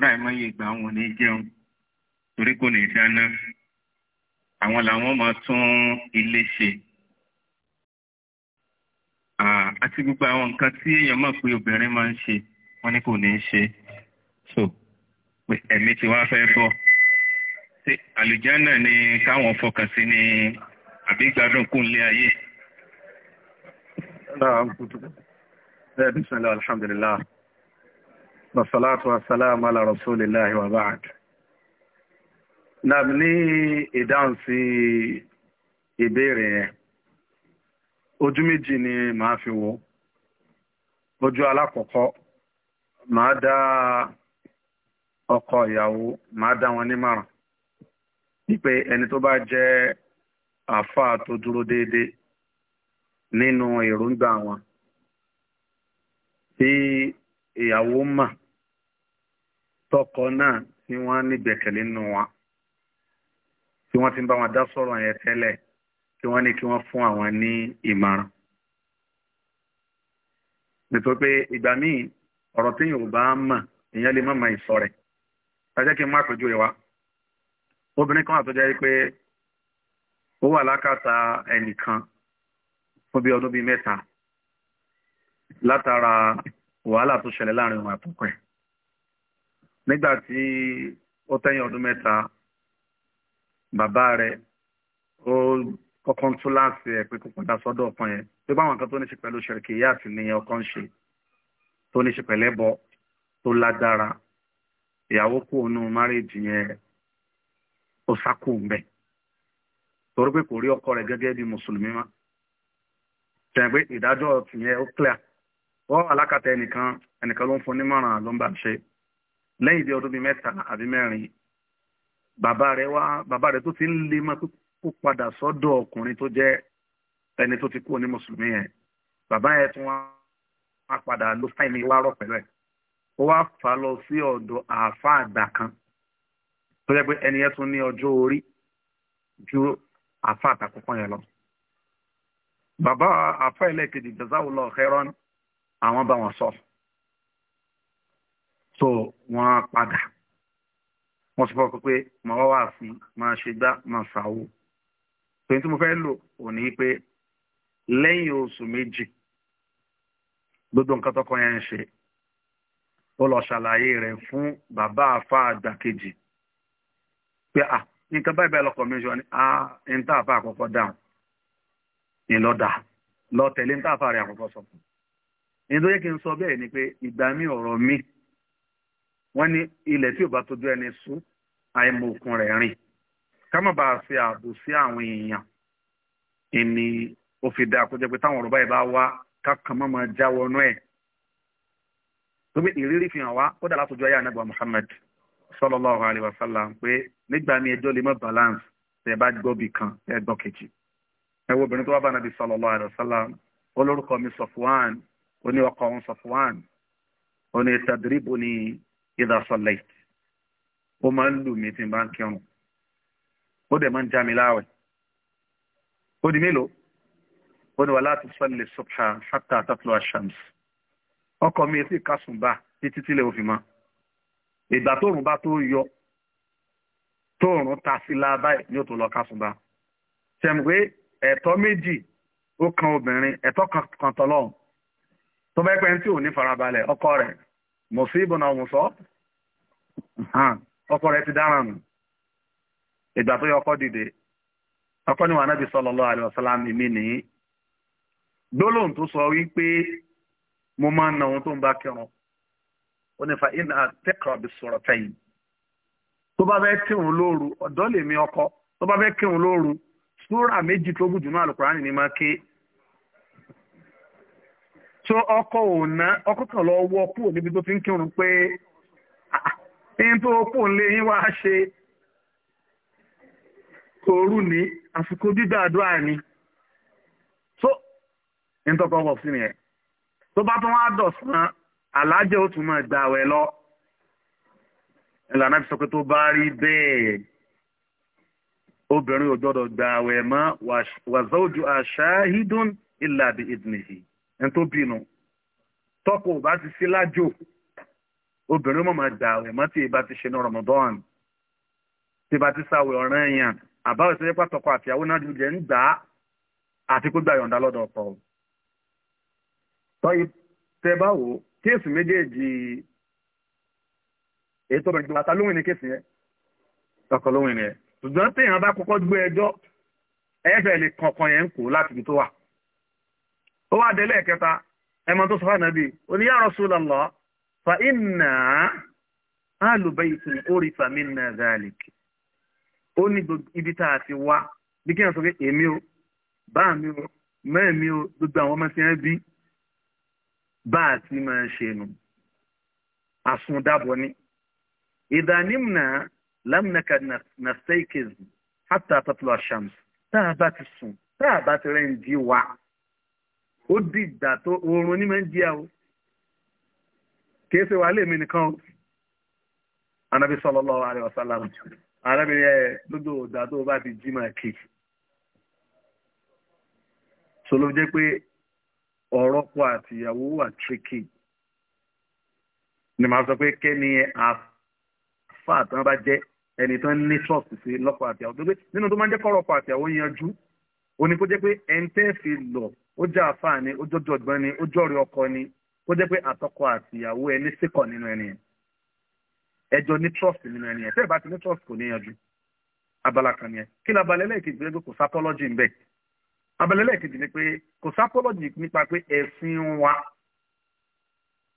kódà ìmọ̀ye ìgbà àwọn ò ní jẹun torí kò ní dáná àwọn làwọn máa tún ilé ṣe àti gbogbo àwọn nǹkan tí èèyàn mọ̀ pé obìnrin máa ń ṣe wọ́n ní kò ní ṣe so ẹ̀mí tí wàá fẹ́ bọ̀ ṣé àlùjánà ni káwọn fọkàn sí ni àbí gbádùn kúnlé ayé. Náà, ẹ̀ẹ́dùn sọ́lá alhamdulillah. wasalatu wasalamu ala rasulillahi wa ba'd nàbí ní ìdáhùn sí ìbéèrè yẹn ojú méjì ni màá fi wo ojú alákọ̀ọ́kọ́ màá dá ọkọ ìyàwó màá dá wọn nímọ̀ràn wípé ẹni tó bá jẹ́ àáfàá tó dúró déédéé nínú èròǹgbà wọn tí ìyàwó mà tọkọ náà tí wọ́n ní gbẹ̀kẹ̀lé nínú wọn tí wọ́n ti ń bá wọn dá sọ̀rọ̀ yẹn tẹ́lẹ̀ tí wọ́n ní kí wọ́n fún àwọn ní ìmọ̀ràn. nítorí pé ìgbà míì ọ̀rọ̀ tí yóò bá mọ̀ ìyẹn lè má mọ ìsọ rẹ̀ ṣáájú kí n má pèjú ìwà obìnrin kan àtọ́jà yìí pé ó wà lákàtà ẹnìkan fún bí ọdún bíi mẹ́ta látara wàhálà tó ṣẹlẹ̀ láàrin òun àtọkọ ẹ̀ nígbà tí ó tẹ́yìn ọdún mẹ́ta bàbá rẹ̀ ó kọ́kọ́ ń tún láti ẹ̀ pé kó padà sọ́dọ̀ ọ̀kan yẹn tó bá àwọn kan tó ní ṣe pẹ̀lú ṣẹ̀rìkì ìyá àti ní ọkọ ń ṣe tó ní ṣe pẹ̀lẹ́ bọ tó ládára ìyàwó kú ònú márèèjì yẹn ó sákò ń bẹ̀ torí pé kò rí ọkọ rẹ̀ gẹ́gẹ́ bí mùsùlùmí mọ́ tẹ̀ pé ìdájọ́ tìyẹn ó clear wọ́n alákàtà ẹnìkan ẹnìkan ló ń fún nímọ̀ràn ló ń bá ṣe lẹ́yìn bí ọdún bíi mẹ́ta àbí mẹ́rin bàbá rẹ̀ wá bàbá rẹ̀ tó ti ń lé mọ́ kó padà sọ́dọ̀ ọkùnrin tó jẹ́ ẹni tó ti kú ní mùsùlùmí yẹn bàbá yẹn tún wá padà ló fáìmì wá rọ̀ pẹ̀lú ẹ̀ ó wá fà lọ sí ọ̀dọ̀ àáfàá àgbà kan tó jẹ́ pé ẹni yẹn tún ní ọjọ́ orí ju àáfàá àtàkùnkàn yẹn lọ. bàbá àáfàá ẹlẹ́kejì jazakallahu khairan àwọn bá wọn sọ tó wọ́n á padà wọ́n sọ fún ọ pé màá wá wá sí máa ṣe gbá máa ṣàwò tòun tí mo fẹ́ lò ò ní pé lẹ́yìn oṣù méjì gbogbo nǹkan tọkọ yẹn ń ṣe ó lọ ṣàlàyé rẹ̀ fún bàbá àfa àgbà kejì pé à nǹkan báyìí báyìí lọkọ mi ni à ń tà àfa àkọ́kọ́ dáhùn ní lọ́dà lọ ń tà àfa rẹ̀ àkọ́kọ́ sọ fún un kí n sọ bẹ́ẹ̀ ni pé ìgbà mi ọ̀rọ̀ mi wọ́n ní ilẹ̀ tí ò bá tójú ẹni sún àìmọ̀ òkun rẹ̀ rìn ká má bàa ṣe ààbò sí àwọn èèyàn ìní ó fi dáa kó jẹ́ pé táwọn ọ̀rọ̀ báyìí bá wá kákan má máa já wọnú ẹ̀ tó ìrírí fi hàn wá ó dà látọjú ayé anábọ̀ Muhammad sallallahu alayhi wa sallam pé nígbà ní ẹjọ́ lè mọ́ balance tẹ̀ bá gbọ́ bì kan ẹ gbọ́ kejì ẹ wo obìnrin tó wá bá nàbí sallallahu alayhi wa sallam olórúkọ mi Safwan oní ọkọ òun Safwan oní tadribu ni ìdá sọlẹ̀ ó máa ń lù mí tí n bá ń kírun ó dẹ̀ máa ń já mi láwẹ̀ ó di mélòó ó ní wà láti sọlẹ̀ subha hatta tatlu ash-shams ọkọ mi etí kásùnbà títí tílẹ̀ òfin mọ́ ìgbà tóòrùn bá tó yọ tóòrùn ta sí lábá ẹ̀ yóò tó lọ kásùnbà ṣẹ̀mù pé ẹ̀tọ́ méjì ó kan obìnrin ẹ̀tọ́ kan tọ́lọ́hùn tó bá pẹ́ tí ò ní farabalẹ̀ ọkọ rẹ̀ mọ̀síbùn àwọn sọ ọkọ rẹ̀ ti dáràn nù ìgbà tó yọ ọkọ dìde ọkọ ni wà náà bí sallallahu alaihi wasallam mi nìyí gbólóhùn tó sọ wípé mo máa ń na ohun tó ń bá kírun ó ní fa iná tẹ́kọ̀ọ́ bí sọ̀rọ̀ tẹ́yìn tó bá fẹ́ kírun lóru ọ̀dọ́ lèmi ọkọ tó bá fẹ́ kírun lóru súrà méjì tó gùn náà Al-Qur'ani ni máa ké tó ọkọ òná ọkọ̀ kan lọ wọ kúrò níbi tó ti ń kírun pé ẹni ah, ah, tó kúrò lé yín wá ṣe òru ní àsìkò dídàdúrà ni tó ẹni tó kọ́ sí nìyẹn tó bá tún wá dọ̀sán alájẹ́ ó tún máa gbàwẹ̀ lọ ìlànà ìfisọ́pẹ́ tó bá rí bẹ́ẹ̀ obìnrin ò mọ́ wàzọ́jú àṣà ìlàbí ẹni tó bínú tọ́kọ ò bá ti sí lájò obìnrin mọ̀ máa dà ẹ̀ mọ́ tí ti ṣe ní Ramadan tí ìbá ti sáwẹ̀ ọ̀ràn èèyàn àbáwẹ̀ tó yẹ pàtọ́kọ àtìyàwó náà jẹ́ ń gbà á àti pé gbà yọ̀ǹda lọ́dọ̀ ọ̀pọ̀ tọ́yì tẹ bá wò kéèsì méjèèjì èyí tó bẹ̀rẹ̀ gbọ́dọ̀ àtàlóhùn ní kéèsì yẹn tọkọ ní ẹ̀ ṣùgbọ́n téèyàn bá kọ́kọ́ gbé ẹjọ́ ẹ̀ẹ́fẹ̀ lè kọ̀ọ̀kan yẹn ń kó láti ibi tó wà ó wá délé ẹ̀kẹta ẹmọ tó sọ fún ànábì ó ní ya Rasulallah fa inna ahlu baytin urifa minna zalik ó ní ibi tá a ti wá bí kí n sọ pé èmi o bá mi o mẹ́ẹ̀mí o gbogbo àwọn ọmọ tí wọ́n bí bá a ti máa ṣe nù àsundàbọ̀ ni ìdánimùnà lámìnàkà nastaykiz hatta tatlu ash-shams tá a bá ti sùn tá a bá ti rẹ́ ń di wa ó dìgbà tó oorun ní máa ń jíà o kìí ṣe wàhálà èmi nìkan o anabi sallallahu alaihi wasallam arábìnrin ẹ lódò ọ̀dà tó bá ti jí máa kì so ló jẹ́ pé ọ̀rọ̀ pọ̀ àti ìyàwó wà tricky ni màá sọ pé kẹ́ni àfà tí wọ́n bá jẹ́ ẹni tó ń ní trust sí lọ́pọ̀ àti ìyàwó tó gbé nínú tó máa ń jẹ́ kọ́rọ̀ pọ̀ àti ìyàwó yanjú ó ní kó jẹ́ pé ẹni tẹ́ fi lọ ó jẹ́ àfáà ni ó jọjọ ọgbọ́n ni ó jọ̀rẹ́ ọkọ ni kó jẹ́ pé àtọkọ àti ìyàwó ẹ ní síkọ̀ nínú ẹni yẹn ẹjọ́ ní trust nínú ẹni yẹn tẹ́ ẹ̀ bá ti ní trust kò níyanjú abala kan yẹn kí ni abala ẹlẹ́ẹ̀kejì ni pé kò sápọ́lọ́jì ń bẹ abala ẹlẹ́ẹ̀kejì ni pé kò sápọ́lọ́jì nípa pé ẹ̀sìn wa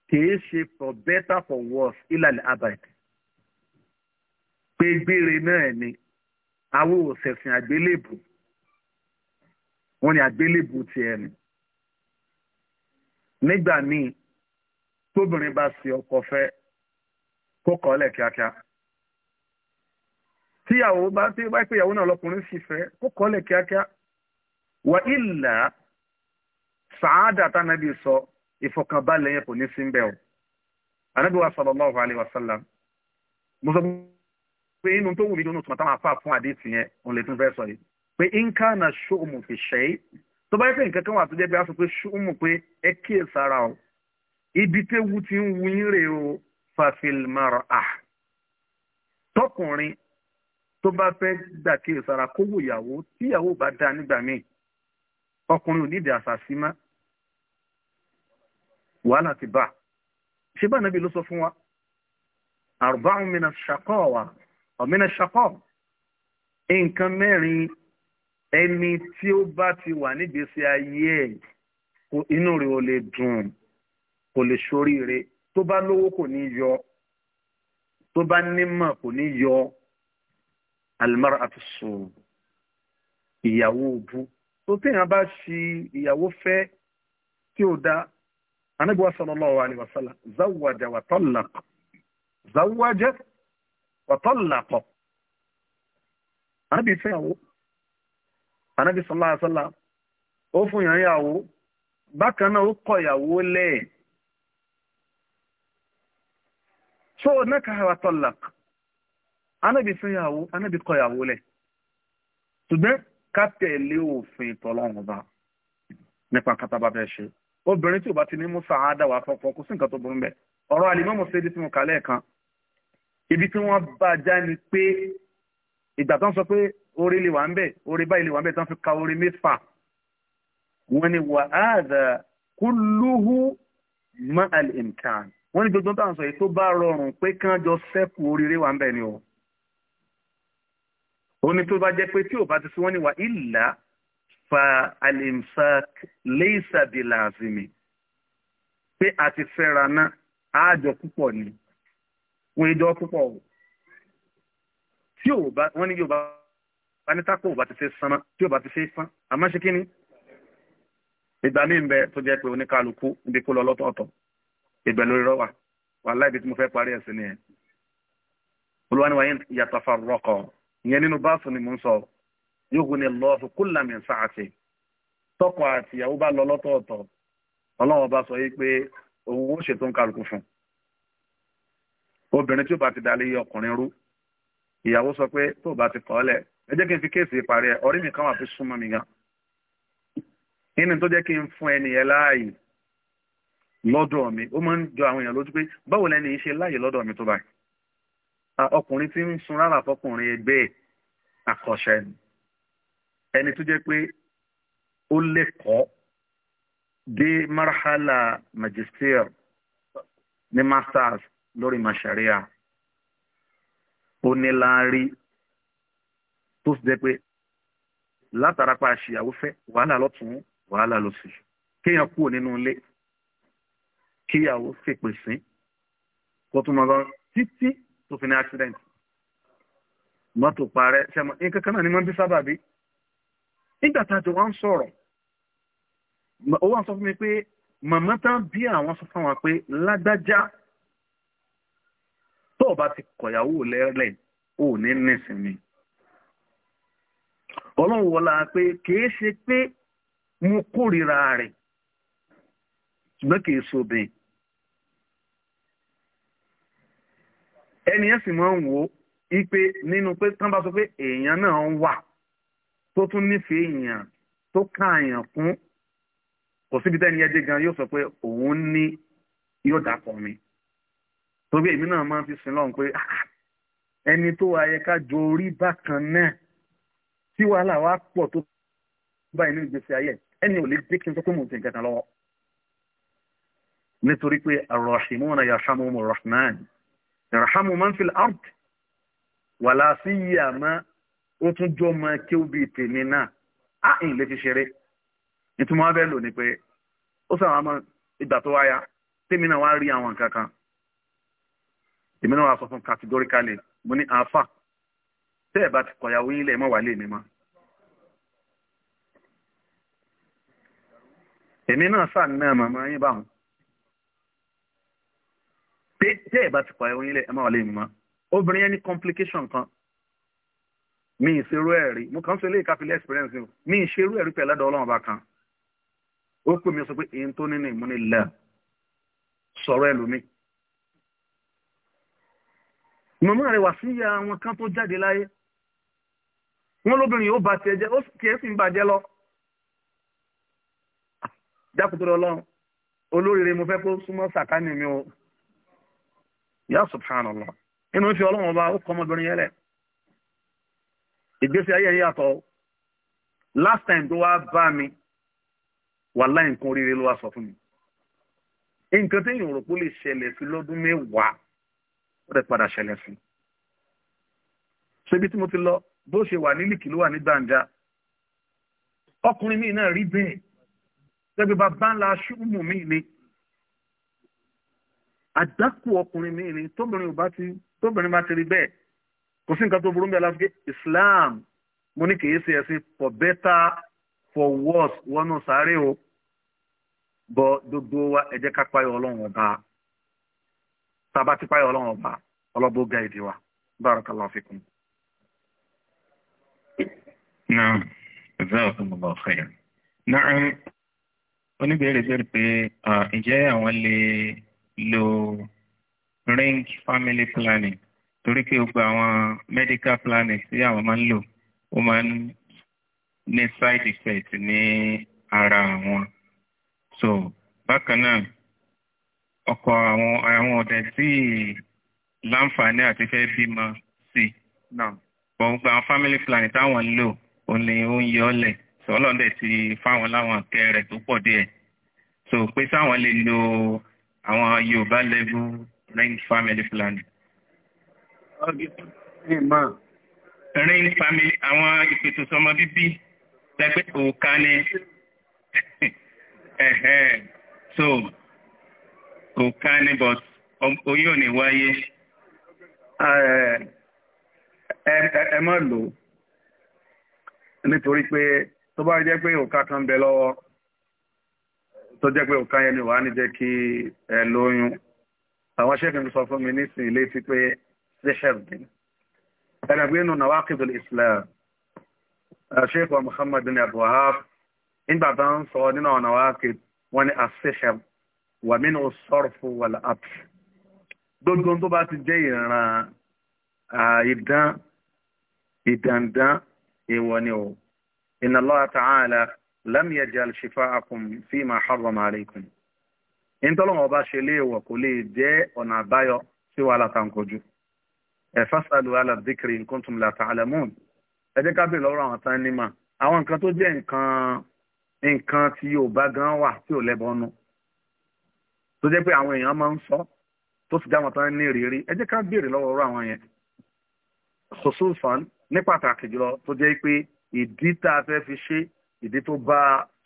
kìí ṣe for better for worse ìlàlẹ̀ abad pé gbére náà ni àwọn òṣèṣìn àgbélébùú wọ́n ní àgbélébù ti ẹni nígbà míì tóbìnrin bá ṣe ọkọ fẹ́ kó kọ́lẹ̀ kíákíá tíyàwó bá tí wáyé pé ìyàwó náà lọkùnrin sì fẹ́ kó kọ́lẹ̀ kíákíá wà ilà sàádà tánàbí sọ ìfọkànbalẹ̀ yẹn kò ní sí ń bẹ̀ o anábì wa sallallahu alaihi wasallam mo sọ pé inú tó wù mí nínú tòmátà máa fà fún àdéhìí yẹn òun lè tún fẹ́ sọ yìí pé nkánà ṣùgbọ́n fi ṣe é tó bá yẹ pé nǹkan kan wà tó jẹ́ pé a sọ pé ṣùgbọ́n pé ẹ kíyè sára o ibi téwu ti ń wu yín rèé o fàfilmar ah tọkùnrin tó bá fẹ́ gbà kíyè sára kó wò ìyàwó tí ìyàwó bá dáa nígbà míì ọkùnrin ò ní ìdí àṣàṣì má wàhálà ti bá ṣé bá nàbí ló sọ fún wa arba'un mina ṣàkọ́ wa ọ̀mìnà ṣàkọ́ nǹkan mẹ́rin ẹni tí ó bá ti wà nígbésí ayé ẹ̀ inú rẹ̀ ò lè dùn kò lè ṣoríire tó bá lówó kò ní yọ tó bá nímọ̀ kò ní yọ alimara àti sùn ìyàwó òbu tó téèyàn bá ṣi ìyàwó fẹ́ tí ó dá anábíwá sallallahu alaihi wasallam zawwaja wa tallaqa zawwaja wa tallaqa anábìí fẹ́yàwó anábì sọlá àṣọlá ó fún yàn yàwó bákan náà ó kọ ìyàwó lẹ́ẹ̀ so náà wa talaq anábì fún yàwó anábì kọ ìyàwó lẹ̀ ṣùgbọ́n ká tẹ̀lé òfin tọ́lọ́run ọba nípa kátàbà fẹ́ ṣe obìnrin tí ò bá ti ní musa àádáwà fọfọ kò sí nǹkan tó burú bẹ́ẹ̀ ọ̀rọ̀ alimọ́mọ́ ṣe é di mo kà lẹ́ẹ̀kan ibi tí wọ́n bá já ni pé ìgbà tó sọ pé orí lè wà ń bẹ̀ orí báyìí lè wà ń bẹ̀ tán fi ka orí mẹ́fà wọ́n ní wà á dà kúlúhù mọ́ al-imkan wọ́n ní gbogbo táwọn sọ yìí tó bá rọrùn pé kán jọ sẹ́kù oríire wà ń bẹ̀ ni o òní tó bá jẹ́ pé tí ò bá ti sí wọ́n ní wà ìlà fa al-imsak laysa bilazimi pé a ti fẹ́ra náà àjọ púpọ̀ ni wọ́n ìjọ púpọ̀ tí ò bá wọ́n ní yóò bá sanita kò bá ti ṣe sanmá tí ò bá ti ṣe san àmọ́ ṣe kíni ìgbà mi ń bẹ tó jẹ́ pé oníkàlùkù ibi kó lọ lọ́tọ̀ọ̀tọ̀ ìbẹ̀ lórí rọ́wà wàhálà ibi tí mo fẹ́ parí ẹ̀ sí ni ẹ̀ olùwàníwáyé yàtọ̀ farọ́kọ̀ ìyẹn nínú báàsù ni mò ń sọ yóò ní lọ́ọ̀fù kúlàmì sàátì tọkọ àti ìyàwó bá lọ lọ́tọ̀ọ̀tọ̀ ọlọ́wọ́n bá sọ yìí pé òun ó ṣètò ń fún obìnrin tí ó bá ti dalẹ̀ yí ọkùnrin rú ìyàwó sọ pé tó bá ti kọ́ lẹ̀ ẹ jẹ́ kí n fi kéèsì ìparí ẹ ọ̀rẹ́ mi kan wà fi súnmọ́ mi gan nínú tó jẹ́ kí n fún ẹni yẹn láàyè lọ́dọ̀ mi ó máa ń jọ àwọn èèyàn lójú pé báwo lẹni ṣe láàyè lọ́dọ̀ mi tó báyìí ọkùnrin tí ń sun rárá fọkùnrin ẹgbẹ́ àkọ́ṣẹ́ ni ẹni tó jẹ́ pé ó lẹ́kọ̀ọ́ dé marhala magister ní masters lórí masharia ó ní láárí tó sì jẹ́ pé látara pa àṣìyàwó fẹ́ wàhálà lọ́tún wàhálà lọ́sì kéèyàn kúrò nínú ilé kíyàwó fèpè sí kó tún mọ́ lọ títí tó fi ní accident mọ́tò parẹ́ sẹ́mọ̀ ní kankan náà ni wọ́n bí sábàbí nígbà tá a jọ wá ń sọ̀rọ̀ ó wà sọ fún mi pé màmá tán bí àwọn sọ fáwọn pé lágbájá tó o bá ti kọ̀yàwó lẹ́rẹ̀ ò ní nísìnyí ọlọ́run wọlá pé kìí ṣe pé mo kórìíra rẹ̀ ṣùgbọ́n kìí sobìn ẹni ẹ̀ sì máa ń wò ó ipe nínú pé tán bá sọ pé èèyàn náà ń wà tó tún nífẹ̀ẹ́ èèyàn tó káàyàn kún kò síbi tẹ́ni ẹjẹ́ gan yóò sọ pé òun ní yóò dàpọ̀ mi torí èmi náà máa ń fi sin lọ́run pé ah, ẹni tó ayẹ ká jọ orí bákan náà tí wàhálà wa pọ̀ tó bá inú ìgbésí ayé ẹni ò lè dé kí n sọ pé mò ń tẹ̀ nǹkan kan lọ́wọ́ nítorí pé arrahimuna yarhamuhum arrahman yarhamu man fil ard wàlá sí yíyà ó tún jọ́ mọ́ kí ó bí tèmi náà á ìn lè fi ṣeré ìtumọ̀ abẹ́ lò ní pé ó sàwọn àmọ́ ìgbà tó wáyà tèmi náà wá rí àwọn nǹkan kan èmi náà sọ fún categorically mo ní àáfà tẹ́ ẹ̀ bá ti kọ̀yàwó yín lẹ́ẹ̀ mọ́ wà lé mi mọ́. èmi náà sáà náà màmá yín bá wọn. tẹ́ ẹ̀ bá ti kọ̀yàwó yín mọ́ wà lé mi mọ́. obìnrin yẹn complication kan mi ì ṣerú ẹ̀ rí mo kàn ń sọ ìkápẹ́lẹ́ experience mi mi ì ṣerú ẹ̀ rí pẹ̀lú ẹ̀dọ̀ ọlọ́run ọba kan ó pè mí sọ pé èyí tó nínú ìmúnilẹ̀ sọ̀rọ̀ ẹlòmíì màmá rẹ̀ wà sí ìyá wọn kan tó jáde láyé wọ́n lóbìnrin ó ba tiẹ̀ jẹ́ ó tiẹ̀ sì ń bàjẹ́ lọ. jákòtò lọ lọ́run olóríire mo fẹ́ kó súnmọ́ sàkánì mi o yà subhanallah inú fi ọlọ́run ọba ó kọ́ ọmọbìnrin yẹn lẹ̀ ìgbésí ayé yẹn yàtọ̀ last time tó wá bá mi wàláhì nǹkan oríire ló wá sọ fún mi nǹkan téèyàn rò pé ó lè ṣẹlẹ̀ sí lọ́dún mẹ́wàá ó rẹ̀ padà ṣẹlẹ̀ sí. ṣé tí mo ti lọ bó ṣe wà ní lìkì ló wà ní gbàǹjà ọkùnrin míì náà rí bẹ́ẹ̀ tẹ́gbẹ́ bàbá ńlá ṣùgbọ́n míì ni àdákù ọkùnrin míì ni tóbìnrin ò bá ti tóbìnrin bá ti rí bẹ́ẹ̀ kò sí nǹkan tó burú bí aláfikẹ́ Islam mo ní kìí ṣe ẹ̀sìn for better for worse wọnú sáré o bọ gbogbo wa ẹ jẹ́ ká páyọ̀ ọlọ́run ọba tá a bá ti páyọ̀ ọlọ́run ọba ọlọ́bó ga èdè wa barakallahu fikum náà jazakum allah khairan náà oníbèrè bẹ̀rẹ̀ pé ǹjẹ́ àwọn lè lo ring family planning torí pé gbogbo àwọn medical planning tí àwọn máa ń lò ó máa ń ní side effect ní ara àwọn so bákan náà ọkọ àwọn àwọn ọ̀dẹ̀ tí láǹfààní àti fẹ́ bímọ sí náà gbogbo àwọn family planning táwọn ń lò ó ní oúnjẹ ọlẹ̀ sọlọ́dẹ̀ ti fáwọn láwọn akẹ́ rẹ̀ tó pọ̀ díẹ̀ so pé sáwọn lè lo àwọn Yorùbá lẹ́bù range family plan. range family àwọn ìpètò sọmọ bíbí tẹgbẹ́ òòka ni so òòka ni but oyún ò ní wáyé. ẹ ẹ má lò ó nítorí pé tó bá jẹ́ pé òka kan bẹ lọ́wọ́ tó jẹ́ pé òka yẹn ni wàá ní jẹ́ kí ẹ lóyún àwọn ṣẹ́fì mi sọ fún mi nísìnyí létí pé ṣẹ́ṣẹ́fì ẹ̀rẹ̀gbẹ́ nù nawaqidul islam Sheikh wa Muhammad bin Abdul Wahab nígbà tó ń sọ nínú àwọn nawaqid wọn ni àṣẹ́ṣẹ́fì wà mí sọ́rọ̀fù wà láàpù gbogbo tó bá ti jẹ́ ìran ìdán ìdàndán èèwọ̀ ni o inna Allah ta'ala lam yaj'al shifa'akum fima harrama alaykum ìntọ́lọ́wọ́ bá ṣe léèwọ̀ kò lè jẹ́ ọ̀nà àbáyọ sí wàhálà tàǹkọ̀jú ẹ̀fásàlù alàdíkiri in kuntum la ta'lamun ẹ jẹ́ ká bèèrè lọ́rọ̀ àwọn tán nímà àwọn nǹkan tó jẹ́ nǹkan tí yóò bá gan wà tí ò lẹ́bọnú tó jẹ́ pé àwọn èèyàn máa ń sọ tó sì dáwọn tán ní ìrírí ẹ jẹ́ ká bèèrè lọ́wọ́ ní pàtàkì jùlọ tó jẹ́ pé ìdí tá a fẹ́ fi ṣe ìdí tó bá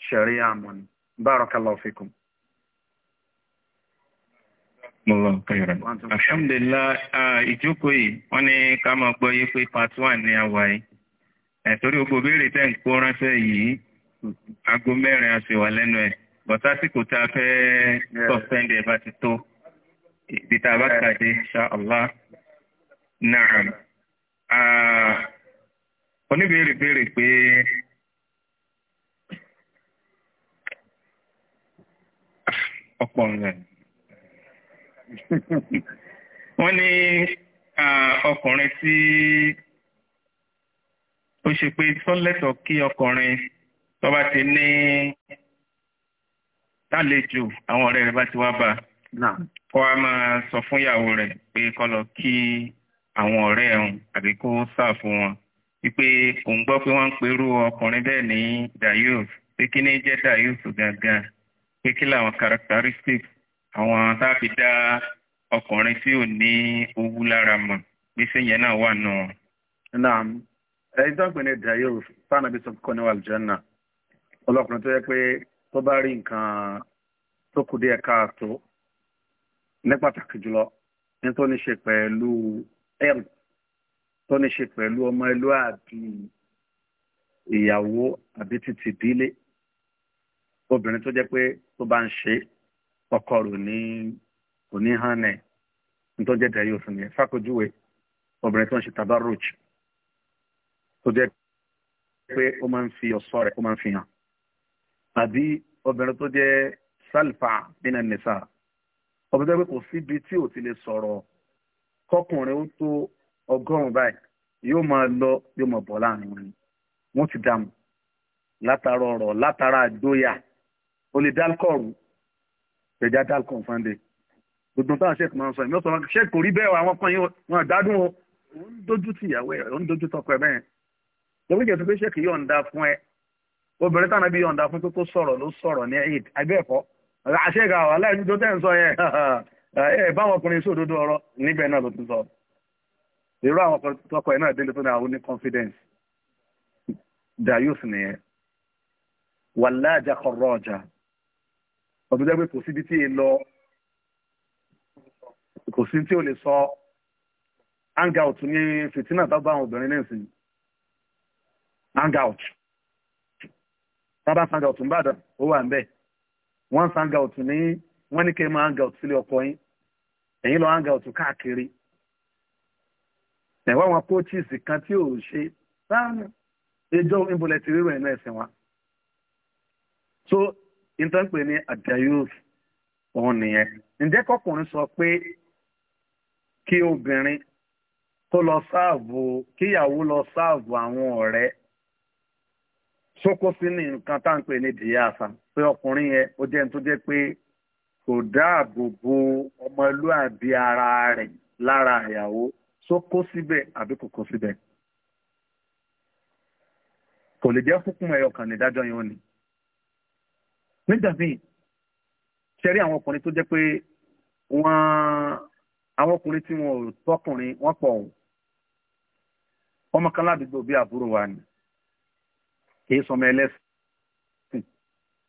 ṣẹ̀rí àmọ́ ni barakallahu fikum. Mọ̀lọ́ kẹrẹ̀. Alhamdulillah, ìjókòó yìí, wọ́n ní ká máa gbọ́ yí pé part one ní àwà yìí. Ẹ̀torí gbogbo béèrè tẹ́ ń kó ránṣẹ́ yìí, aago mẹ́rin a lẹ́nu ẹ̀. Bọ̀tá sì kò tá a fẹ́ sọ̀fẹ́ndì ẹ̀ bá ti tó. Ìbí bá kàdé, insha Allah. Na'am oníbèrè béèrè pé ọ̀pọ̀ rẹ̀ wọ́n ní ọkùnrin tí ó ṣe pé tọ́lẹ̀tọ̀ kí ọkùnrin tó bá ti ní tálejò àwọn ọ̀rẹ́ rẹ̀ bá ti wá bá kó a máa sọ fún ìyàwó rẹ̀ pé kó lọ kí àwọn ọ̀rẹ́ ẹ̀hún àbí kó sáà fún wọn wípé òun gbọ́ pé wọ́n ń perú ọkùnrin bẹ́ẹ̀ ní dayus pé kí ni jẹ́ dayus gangan pé kí làwọn characteristics àwọn tá a fi dá ọkùnrin tí ò ní owú lára mọ̀ gbèsè yẹn náà wà nù. naam ẹni tó ń pè ní dayus fáànà bí sọkọ ní wàlùjọ́nà ọlọ́kùnrin tó yẹ pé tó bá rí nǹkan tó kù díẹ̀ káàtó ní pàtàkì jùlọ ní tó ní ṣe pẹ̀lú ẹ̀rù tó ní ṣe pẹ̀lú ọmọ ìlú àbí ìyàwó àbí títí dílé obìnrin tó jẹ́ pé tó bá ń ṣe ọkọ rò ní oníhànẹ tó jẹ́ dẹ̀ yóò fún mi fàkójúwe obìnrin tó ń ṣe tabarruj tó jẹ́ pé ó máa ń fi ọ̀ṣọ́ rẹ̀ ó máa ń fi hàn àbí obìnrin tó jẹ́ sálfà nínú nìsa obìnrin kò síbi tí ò ti lè sọ̀rọ̀ kọkùnrin ó tó ọgọ́rùn-ún báyìí yóò máa lọ yóò máa bọ̀ láàrin wọn ni wọ́n ti dààmú látara ọ̀rọ̀ látara àgbóyà o lè dálkọ̀rù ẹ̀já dálkọ̀rù fande gbogbo táwọn ṣèkì máa ń sọ èmi ó sọ wọn ṣèkì kò rí bẹ́ẹ̀ àwọn kan yín wọn àdádùn o òun dójú ti ìyàwó ẹ̀ òun dójú tọkọ ẹ̀ bẹ́ẹ̀ lórí ìjẹ́sí pé ṣèkì yọ̀ǹda fún ẹ obìnrin tànà bí yọ̀ǹda fún tó tó sọ̀rọ̀ ló sọ̀rọ̀ ní eid abẹ́ẹ̀kọ́ àṣẹ́gà aláìjújọ́ tẹ́ ń sọ yẹn báwọn ọkùnrin sódodo ọ̀rọ̀ níbẹ̀ náà ló ti sọ̀rọ̀ irú àwọn tọkọ ẹ̀ náà tó ní àwọn ní confidence dayus nìyẹn wàláàjà kọ̀rọ̀ ọjà ọdún jẹ́ kò síbi tí ì lọ kò sí tí ò sọ hangout ní fìtínà tó àwọn obìnrin hangout tábà hangout ń bàdàn ó wà ń hangout ní wọ́n ní kí hangout sílé ọkọ yín hangout káàkiri ẹ̀wọ́ àwọn coaches kan tí ò ṣe sáánù ẹjọ́ ìbọ̀lẹ̀ ti rírọ̀ ẹ̀nà ẹ̀sìn wa. so intan pè ní adayus òun nìyẹn ǹjẹ́ kọkùnrin sọ pé kí obìnrin kó lọ sáàbù kíyàwó lọ sáàbù àwọn ọ̀rẹ́ sókó sí ní nǹkan tá à ń pè ní dìyàsá pé ọkùnrin yẹn ó jẹ́ tó jẹ́ pé kò dáàbò bo ọmọlúàbí ara rẹ̀ lára ìyàwó só kó síbẹ̀ àbí kò kó síbẹ̀ kò lè jẹ́ fúnkún ẹyọ kan nídájọ́ yẹn ó ní nígbà míì ṣe rí àwọn ọkùnrin tó jẹ́ pé wọ́n àwọn ọkùnrin tí wọn ò tọkùnrin wọ́n pọ̀ ọ̀hún ọmọ kan ládùúgbò bíi àbúrò wa ni kìí sọmọ ẹlẹ́sìn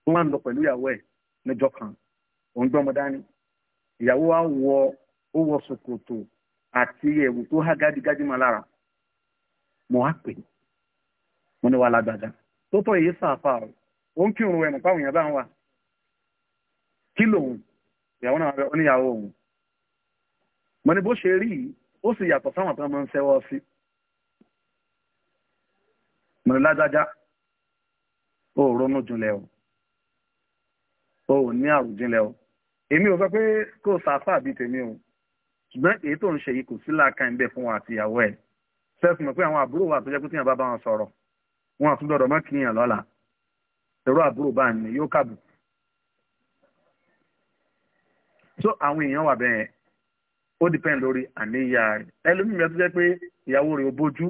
tó wà ń lọ pẹ̀lú ìyàwó ẹ̀ níjọ́ kan òun gbọ́mọ dání ìyàwó wa wọ ó wọ ṣòkòtò àti ẹ̀wù tó há gádígádí máa lára mo á pè mo ní wa lágbàjá tó tọ́ èyí sàfà rẹ̀ ó ń kírun ẹ̀mù páwọn èèyàn bá ń wà kí lòun ìyàwó náà oníyàwó òun mo ní bó ṣe rí ó sì yàtọ̀ sáwọn tó máa ń sẹ́wọ́ sí mo ní ó ronú jinlẹ̀ o ó ní o èmi ò sọ pé kó sàfà bíi tèmi o. ṣùgbọ́n èyí tó ń ṣe yìí kò sí làákà ń bẹ̀ fún wa àti ìyàwó ẹ̀ sẹ́ẹ̀sì mọ̀ pé àwọn àbúrò wa tó jẹ́ pé tíyàn bá bá wọn sọ̀rọ̀ wọn àtúndọ̀ ọ̀dọ̀ mọ́ kìíyàn lọ́la ẹ̀rọ àbúrò bá ní yóò kàbù. so àwọn èèyàn wà bẹ́ẹ̀ ó dìpẹ́ǹd lórí àníyá rẹ̀ ẹlòmíì tó jẹ́ pé ìyàwó rẹ̀ ò bójú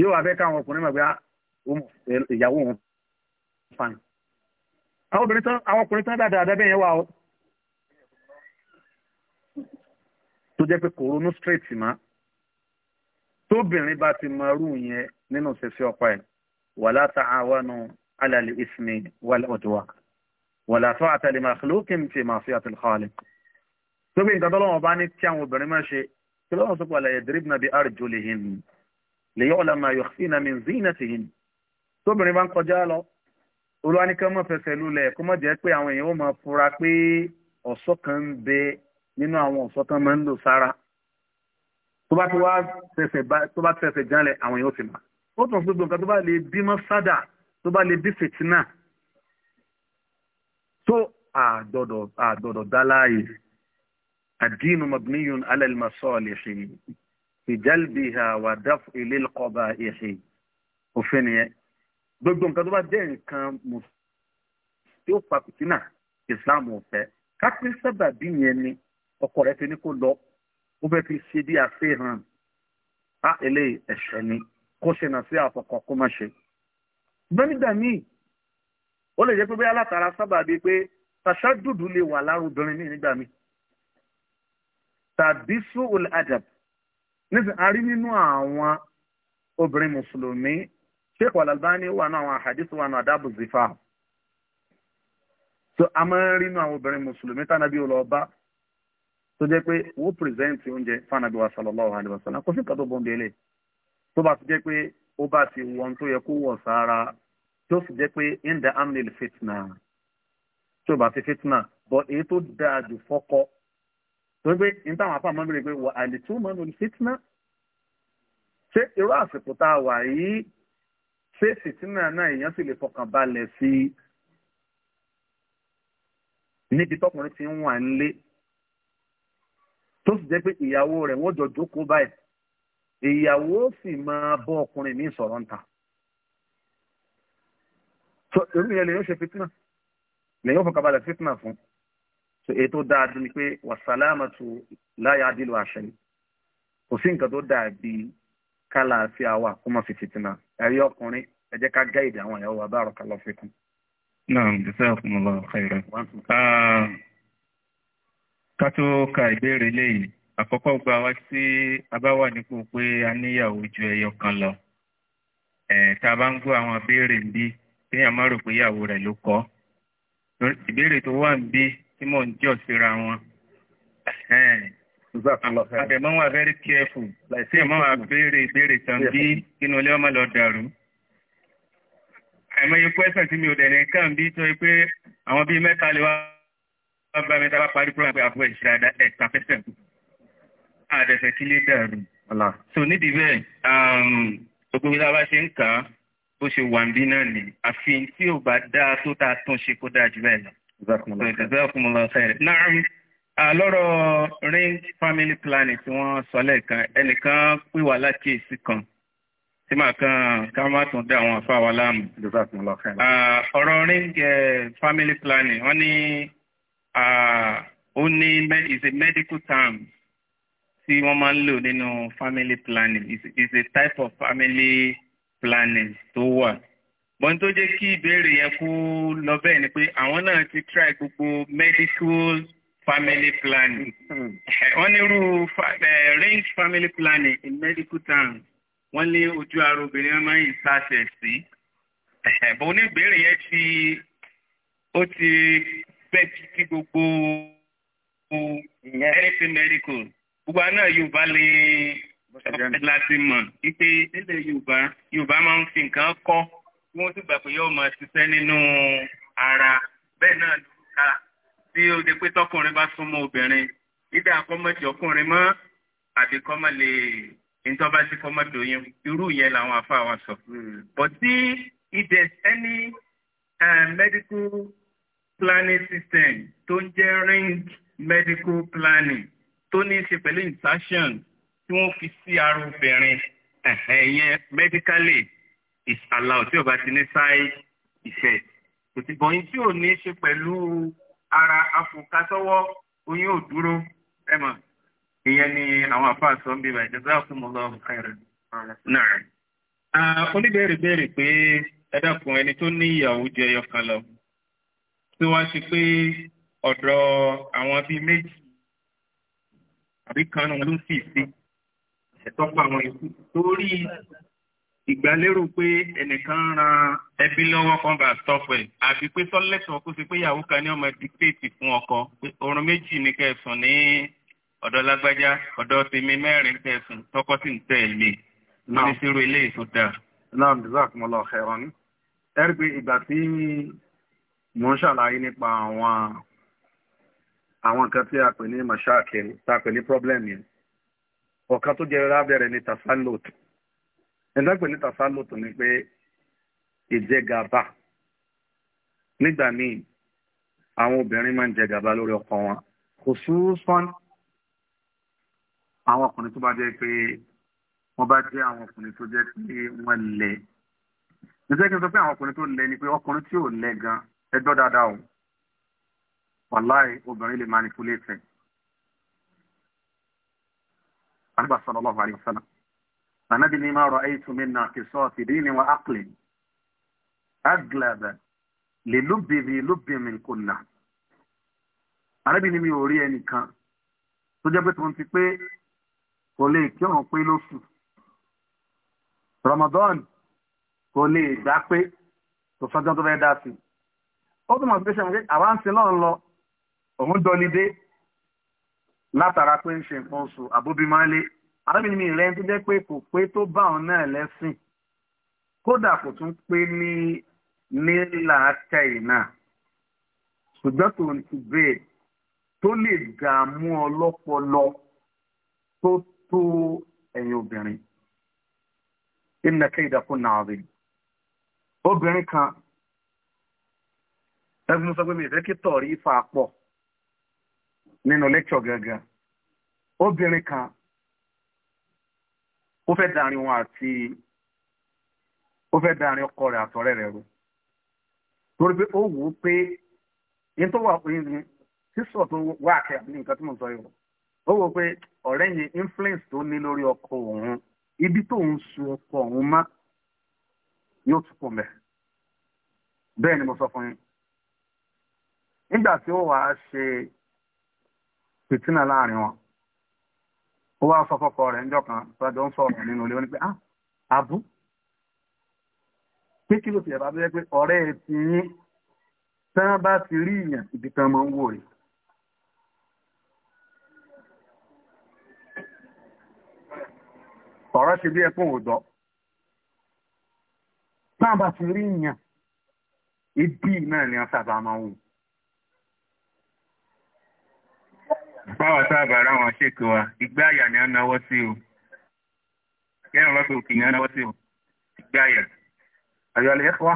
yóò wà bẹ́ẹ̀ káwọn ọkùnrin mọ̀ pé ah, ìyàwó òun fàn. àwọn obìnrin tán àwọn ọkùnrin tán dáadáa bẹ́ẹ̀ yẹn wà ó tó jẹ́ pé kò ronú straight mọ́ tóbìnrin bá ti mọ irú yẹn nínú ṣẹṣẹ ọkọ ẹ̀ wala ta'awanu ala al-ismi wal-udwan wala ta'ata li makhluqin fi ma'siyati al-khaliq tóbi nǹkan tó lọ́wọ́ bá ní kí àwọn obìnrin máa ṣe kí lọ́wọ́ sọ pé wala yadribna bi arjulihin li yu'lama yukhfina min zinatihin tóbìnrin bá ń kọjá lọ olúwa ní kí wọ́n mọ̀ fẹsẹ̀ lulẹ̀ kó mọ̀ jẹ́ pé àwọn èèyàn ó mọ̀ fura pé ọ̀ṣọ́ kan ń bẹ nínú àwọn ọ̀ṣọ́ tán máa ń lò sára tó bá ti wá fẹsẹ̀ jálẹ̀ àwọn èèyàn ti mà ó tàn gbogbo nǹkan tó bá lè bímọ sádà tó bá lè bí fìtínà tó àdọ̀dọ̀ àdọ̀dọ̀ dáláyè àdínú mabniyun alẹ́lmasọ́ọ̀lì ṣe ìjálbìhà wà dáfù ilé kọba ìṣe òfin nìyẹn gbogbo nǹkan tó bá jẹ́ nǹkan mùsùlùmí tí pa fìtínà ìsìláàmù ọ̀fẹ́ kápẹ́ sábàbí yẹn ni ọkọ rẹ̀ fi ní kó lọ ó fẹ́ fi ṣe bí àfihàn á eléyìí ẹ̀ṣẹ̀ ni kó ṣe nà sí àfọkọ kó má ṣe. ṣùgbọ́n nígbà míì ó lè jẹ́ pé bóyá látara sábà bíi pé tàṣà dùdú lè wà lárúbìnrin míì nígbà míì tàbí sùúl adab nígbà a nínú àwọn obìnrin mùsùlùmí sheikh al-Albani wà náà àwọn àhàdìsí wà náà adábù zifa so a máa ń rí nínú àwọn obìnrin mùsùlùmí tánàbí olóòbá tó jẹ́ pé wọ́n present oúnjẹ fanabi wa sallallahu alayhi wa sallam kò sí kàtó bọ́ǹdé lẹ̀ tó bá ti jẹ́ pé ó bá ti wọ́n tó yẹ kó wọ̀ sára tó sì jẹ́ pé inda amnil fitna tó bá ti fitna bọ̀ èyí tó dáa jù fọ́kọ́ tó gbé ní táwọn apá máa ń bèrè pé wà àlìtú máa ń fitna ṣé irú àsìkò tá a wà yìí ṣé fìtínà náà èèyàn sì lè fọkàn balẹ̀ sí i níbi tọkùnrin ti ń wà nílé tó sì jẹ́ pé ìyàwó rẹ̀ wọ́n jọ jókòó báyìí ìyàwó sì máa bọ́ ọkùnrin mi sọ̀rọ̀ ń ta so èmi yẹn lèyàn ṣe fitna lèyàn fọkàbalẹ̀ fitna fún so èyí tó dáa dùn ni pé wàsálàmàtú láyà àdìlú àṣẹ ni kò sí nǹkan tó dáa bíi kálàáfíà wà kó má fi fitna ẹ̀rí ọkùnrin ẹ jẹ́ ká gáìdì àwọn ìyàwó wa bá àròkà lọ fi kún. náà ǹjẹ́ sẹ́yìn fún mi lọ ọ̀kẹ́ ká tó ka ìbéèrè léyìí àkọ́kọ́ gba wá sí a bá wà nípò pé a níyàwó ju ẹyọ kan lọ tá a bá ń gbọ́ àwọn abéèrè ń bí kéèyàn má rò pé ìyàwó rẹ̀ ló kọ́ ìbéèrè tó wà ń bí tí mò ń jọ síra wọn àdèmọ́ wà very careful tí èmọ́ wà béèrè ìbéèrè tán bí kínú ilé ọmọ lọ dàrú àìmọye pẹ́sàn tí mi ò dẹ̀ ní kàn bí tó yẹ pé àwọn bíi mẹ́ta lè wá ọba mi tá a bá parí program pé àfọ ìṣe dáadáa ẹ̀ ká fẹ́sẹ̀ kù àdẹ̀fẹ̀ kí lè dàrú. so nídìí bẹ́ẹ̀ um, gbogbo ìlà bá ṣe ń kà á bó ṣe wà ń bí náà ni àfi tí ò bá dáa tó tá a tún ṣe kó dáa jù bẹ́ẹ̀ lọ. jazakumullahu khairan. naam àlọ́rọ̀ ring family planning tí wọ́n sọ lẹ́ẹ̀kan ẹnìkan pè wá láti èsì kan tí màá kan ká má tún dá àwọn àfa wa láàmú. ọ̀rọ̀ ring eh, family planning wọ́n ní. Ah, ó ní is a medical term tí wọ́n máa ń lò nínú family planning is a type of family planning tó wà. bọ́n tó jẹ́ kí ìbéèrè yẹn kú lọ bẹ́ẹ̀ ni pé àwọn náà ti try gbogbo medical family planning. Hmm. wọ́n ní irú eh, range family planning in medical terms wọ́n ní ojú ara obìnrin máa ń ìsáṣẹ̀ sí. bọ́n oníbèrè yẹn ti ó ti expect kí gbogbo anything medical gbogbo àná yorùbá lè láti mọ̀ wípé nílẹ̀ yorùbá yorùbá máa ń fi nǹkan kọ́ tí wọ́n sì gbà pé yóò máa ṣiṣẹ́ nínú ara bẹ́ẹ̀ náà ló ká tí ó di pé tọkùnrin bá súnmọ́ obìnrin dídá akọ́mọ̀tì ọkùnrin mọ́ àbí kọ́mọ̀ lè ntọ́ba sí kọ́mọ̀ dòyún irú yẹn làwọn afáwọn sọ. Hmm. bọ̀ tí if there is any eh, medical planning system tó ń jẹ́ ring medical planning tó ní í ṣe pẹ̀lú insertion tí wọ́n fi sí ara obìnrin ẹ̀yẹn medically is allowed tí o bá ti ní side effect kò sì tí ò ní í ṣe pẹ̀lú ara afòkásọ́wọ́ oyún ò dúró ẹ̀ mọ̀ ìyẹn ni àwọn àfáà sọ ń bí bàjẹ́ jazakumullahu khairan náà. oníbèrè béèrè pé ẹ dákun ẹni tó ní ìyàwó jẹyọ kan lọ tí wọ́n ṣe pé ọ̀dọ̀ àwọn bíi méjì àbí kan ló sì sí ẹ̀tọ́ pa àwọn ikú torí ìgbàlérò pé ẹnìkan ran ẹbí lọ́wọ́ kan bá stọ́pù ẹ̀ àbí pé sọ́lẹ̀sọ̀ kó ṣe pé ìyàwó kan ní ọmọ dìktéètì fún ọkọ oorun méjì ní kẹsùn ní ọ̀dọ̀ lágbájá ọ̀dọ̀ tèmi mẹ́rin kẹsùn tọkọ sì ń tẹ̀ lé lórí ilé ìsúdà. náà bí zakumọlọ ọ̀hẹ́rọ̀ ni ẹ̀rí pé ìgbà tí mo ń ṣàlàyé nípa àwọn àwọn nǹkan tí a pè ní mashakil tá a pè ní problem yẹn ọ̀kan tó jẹ́ rábẹ̀rẹ̀ ní tasalot ẹ̀dá pè ní tasalot ni pé ìjẹgàba nígbà míì àwọn obìnrin máa ń jẹgàba lórí ọkọ wọn kò súnsán àwọn ọkùnrin tó bá jẹ́ pé wọ́n bá jẹ́ àwọn ọkùnrin tó jẹ́ pé wọ́n lẹ̀ nítorí kí n sọ pé àwọn ọkùnrin tó lẹ̀ ni pé ọkùnrin tí ò lẹ̀ gan-an ẹ gbọ́ dáadáa o wàláì obìnrin lè manipulate ẹ̀ ànábì sallallahu alayhi wa sallam ànábì ní ma ra'aytu wa aqli aglaba li lubbi bi lubbi min mi ò rí ẹnìkan tó jẹ́ pé tó ń ti pé kò lè kí ọ̀run pé lóṣù Ramadan kò lè gbá pé kò sọ́jọ́ tó fẹ́ ó túnmọ̀ sí pé ṣe wọn pé àwa ń sin lọ́run lọ òun dọlidé látara pé ń ṣe nǹkan oṣù àbóbímọ́lé arábìnrin mi rẹ̀ tó jẹ́ pé kò pé tó bá òun náà lẹ́sìn kódà kò tún pé ní nílàákàyè náà ṣùgbọ́n tó ń ti bẹ́ẹ̀ tó lè dààmú ọlọ́pọlọ tó tó ẹ̀yin obìnrin inna kayda kunna azim obìnrin kan ẹgbẹ́ sọ pé mi ìfẹ́ kí tọ̀rí ifá pọ̀ nínú lẹ́kṣọ̀ gangan obìnrin kan ó fẹ́ darin wọn àti ó fẹ́ darin ọkọ rẹ̀ àtọ̀rẹ́ rẹ̀ ro torí pé ó wù ú pé yín tó wà pé sísọ tó wà kẹ ní nǹkan tí mo sọ yìí ó wò pé ọ̀rẹ́ yẹn influence tó ní lórí ọkọ òun ibi tó ń su ọkọ òun mọ́ yóò tún pọ̀ mẹ́ bẹ́ẹ̀ ni mo sọ fún yín nígbà tí ó wàá ṣe fìtínà láàrin wọn ó wá sọ fọ́kọ rẹ̀ níjọ́ kan tọ́jọ́ ń sọ̀rọ̀ nínú ilé onípe ah abú pé kí ló fi ẹ̀bá bí pé ọ̀rẹ́ ẹ̀ ti yín tí wọ́n bá ti rí ìyàn ibi kan mọ́ ń wò rí ọ̀rọ̀ ṣe bí ẹkùn òdọ́ tí wọ́n bá ti rí ìyàn ibi náà ni wọ́n sábà máa ń wò báwa sábà ráwọn ṣèkè wa ìgbà àyà ni a náwó sí o kẹrin lọ́sọ̀ òkè ni a náwó sí o ìgbà àyà àyọ̀lẹ̀ ẹ̀fọ́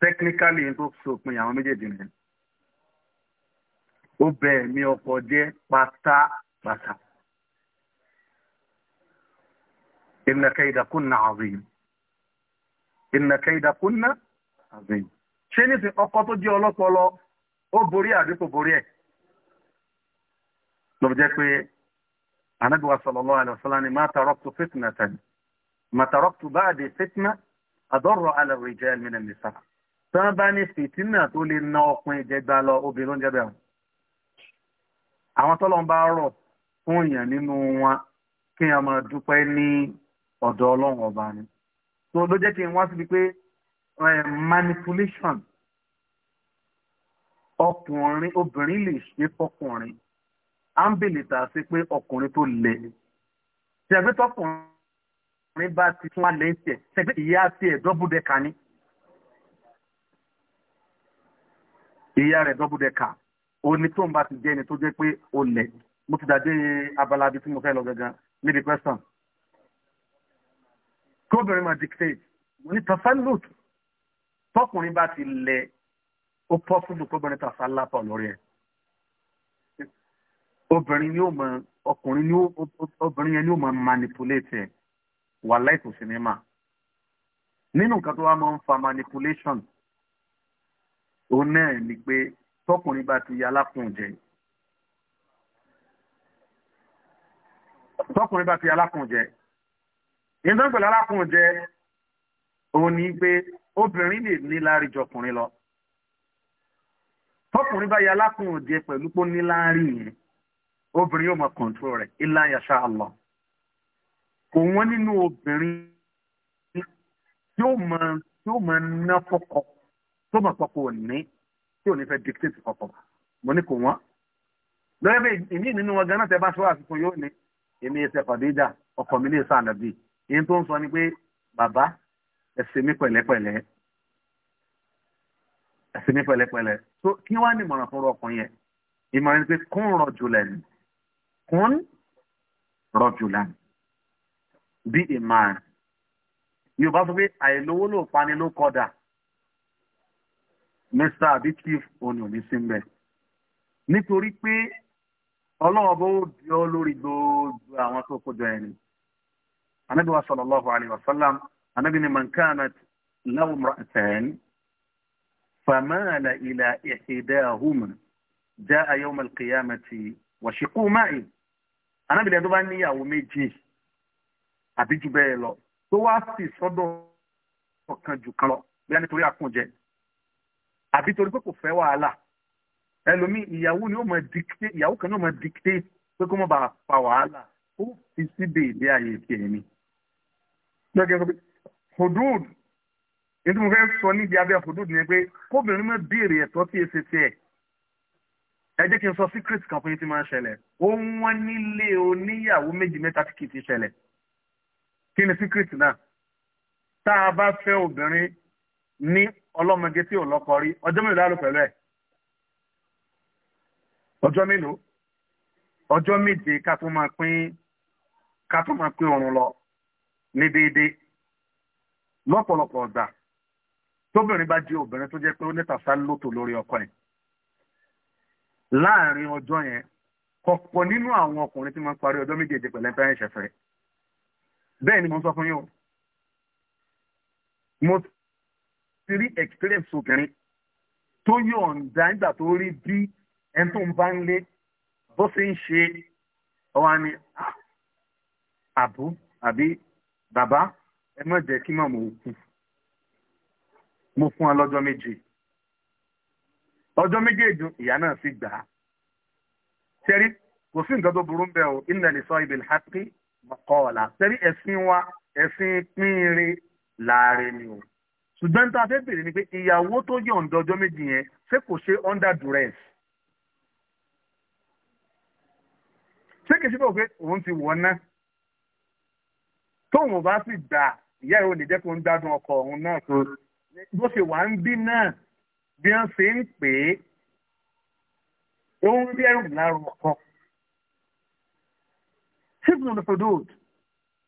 technically n tó sòpin àwọn méjèèjì nìyẹn ó bẹ ẹ̀mí ọkọ̀ jẹ́ pátápátá inna kaydakunna azim inna kaydakunna azim ṣé ní ti ọkọ̀ tó jẹ́ ọlọ́pọlọ ó borí àdínkù borí ẹ̀ ló jẹ́ pé anabi wa sallallahu alaihi wasallam ni ma taraktu fitnatan ma taraktu ba'di fitna adarra ala rijal min an-nisa tí wọ́n bá ní fìtínà tó lè na ọkùnrin jẹgba lọ obìnrin ló ń jẹbẹ̀ wọn. àwọn tọ́lọ́ ń bá rọ̀ fún èèyàn nínú wọn kí wọ́n máa dúpẹ́ ní ọ̀dọ̀ ọlọ́run ọba ni. tó ló jẹ́ kí n wá síbi pé eh, manipulation ọkùnrin obìnrin lè ṣe fọkùnrin Ambili tà sí pé ọkùnrin tó lẹ̀ ṣẹ̀gbẹ́ tọkùnrin bá ti tún alẹ́ ń tiẹ̀ ṣẹ̀gbẹ́ ìyá tiẹ̀ dọ́bùdẹ́ka ni ìyá rẹ̀ dọ́bùdẹ́ka òní tó ń bá ti jẹ́ ẹni tó jẹ́ pé ó lẹ̀ mo ti dàdé abala ibi tí mo fẹ́ lọ gangan níbi question tóbìnrin máa dictate mo ní tọ́sánlùt tọkùnrin bá ti lẹ̀ ó pọ́ fún mi kóbìnrin tọ́sánlápọ̀ lórí ẹ̀ obìnrin ni ó mọ ọkùnrin ni ó obìnrin yẹn ni ó mọ manipulate ẹ wà láìkò sinimá nínú nǹkan tó wá máa ń fa manipulation òun náà ni pé tọkùnrin bá ti ya alákùnjẹ tọkùnrin bá ti ya alákùnjẹ ìdán pẹ̀lú alákùnjẹ òun ni pé obìnrin lè ní láàrin jọkùnrin lọ tọkùnrin bá ya alákùnjẹ pẹ̀lú pé ó ní yẹn obìnrin yóò máa kọ̀ǹtró rẹ̀ ilá yasha Allah kò wọ́n nínú obìnrin yóò máa yóò máa ná fọ́kọ tó máa pọ̀pọ̀ ní tí ò ní fẹ́ dictate pọ̀pọ̀ mo ní kò wọ́n. lọ́yẹ́ bẹ́ẹ̀ ìní nínú wọn ganan tẹ́ bá ṣọ́ àfikún yóò ní èmi ẹsẹ̀ Khadija ọkọ mi ní ìsọ ànàbì èyí tó ń sọ ni pé bàbá ẹ ṣe pẹ̀lẹ́pẹ̀lẹ́ ẹ ṣe pẹ̀lẹ́pẹ̀lẹ́ kí wàá ní ìmọ̀ràn fún ọkùnrin yẹn ìmọ̀ràn ni pé kún rọ̀ jùlẹ̀ ni kun rọjùlá be a man. bá sọ pé àìlówó ló pani ló kọdà mr àbí chief òní òní sí mbẹ nítorí pé ọlọ́wọ́ bó bí ọ lórí gbogbo àwọn tó kó jọ ẹni anabi wa sallallahu alayhi wa sallam anabi ni man kanat lahu famala ila ihdahuma jaa yawm alqiyamati wa shiqu ma'i anábìlẹ̀ tó bá níyàwó méje àbí jù bẹ́ẹ̀ lọ tó wá sì sọ́dọ̀ ọ̀kan jù kan lọ bí wọ́n nítorí àkúnjẹ àbí torí pé kò fẹ́ wàhálà ẹlòmíì ìyàwó ni ó mọ dikite ìyàwó kan ni ó mọ dikite pé kó má bàa fa wàhálà ó fi síbi ìdí ààyè tiẹ̀ ni. hudud nítorí mo fẹ́ sọ níbi abẹ́ hudud ni pé kóbìnrin mọ́ béèrè ẹ̀tọ́ tí èsì tiẹ̀ ẹ jẹ́ kí n sọ secret kan fún yín tí máa ń ṣẹlẹ̀ ó ń wọ́n nílé oníyàwó méjì mẹ́ta tí kì í ti ṣẹlẹ̀ kí ni secret náà tá a bá fẹ́ obìnrin ní ọlọ́mọge tí ò lọ́kọ rí ọjọ́ mélòó lálò pẹ̀lú ẹ̀ ọjọ́ mélòó ọjọ́ méje ká tó máa pín ká tó máa pín oorun lọ ní déédéé lọ́pọ̀lọpọ̀ ọ̀gbà tóbìnrin bá di obìnrin tó jẹ́ pé ó ní tàṣà lótò lórí ọkọ yìí láàrin ọjọ́ yẹn kọ̀pọ̀ nínú àwọn ọkùnrin tí wọ́n parí ọjọ́ méjèèjì pẹ̀lẹ́ fẹ́ ṣẹ̀fẹ̀ bẹ́ẹ̀ ni mo sọ fún yín o mo ti rí experience obìnrin tó yọ̀ǹda nígbà tó rí bí ẹni tó ń bá ń lé bó ṣe ń ṣe ọwa ni àbú àbí bàbá ẹ má jẹ́ kí màmá òkú mo fún ọ lọ́jọ́ méje ọjọ́ méjèèjì ìyá náà sì gbà á sẹ́rí kò sí nǹkan tó burú bẹ́ẹ̀ o inna li sahibil haqqi maqala sẹ́rí ẹ̀sìn wa ẹ̀sìn pínrin láàrin ni o ṣùgbọ́n tá a fẹ́ bèrè ni pé ìyàwó tó yọ̀ǹda ọjọ́ méjì yẹn ṣé kò ṣe under duress ṣé kìí ṣe bẹ́ẹ̀ pé òun ti wọ̀ ná tóun ò bá sì gbà ìyá ìwọ lè jẹ́ kó ń gbádùn ọkọ òun náà tó bó ṣe wà ń bí náà bí wọ́n ṣe ń pè é ó ń rí ẹrù lára ọkọ. chief of the product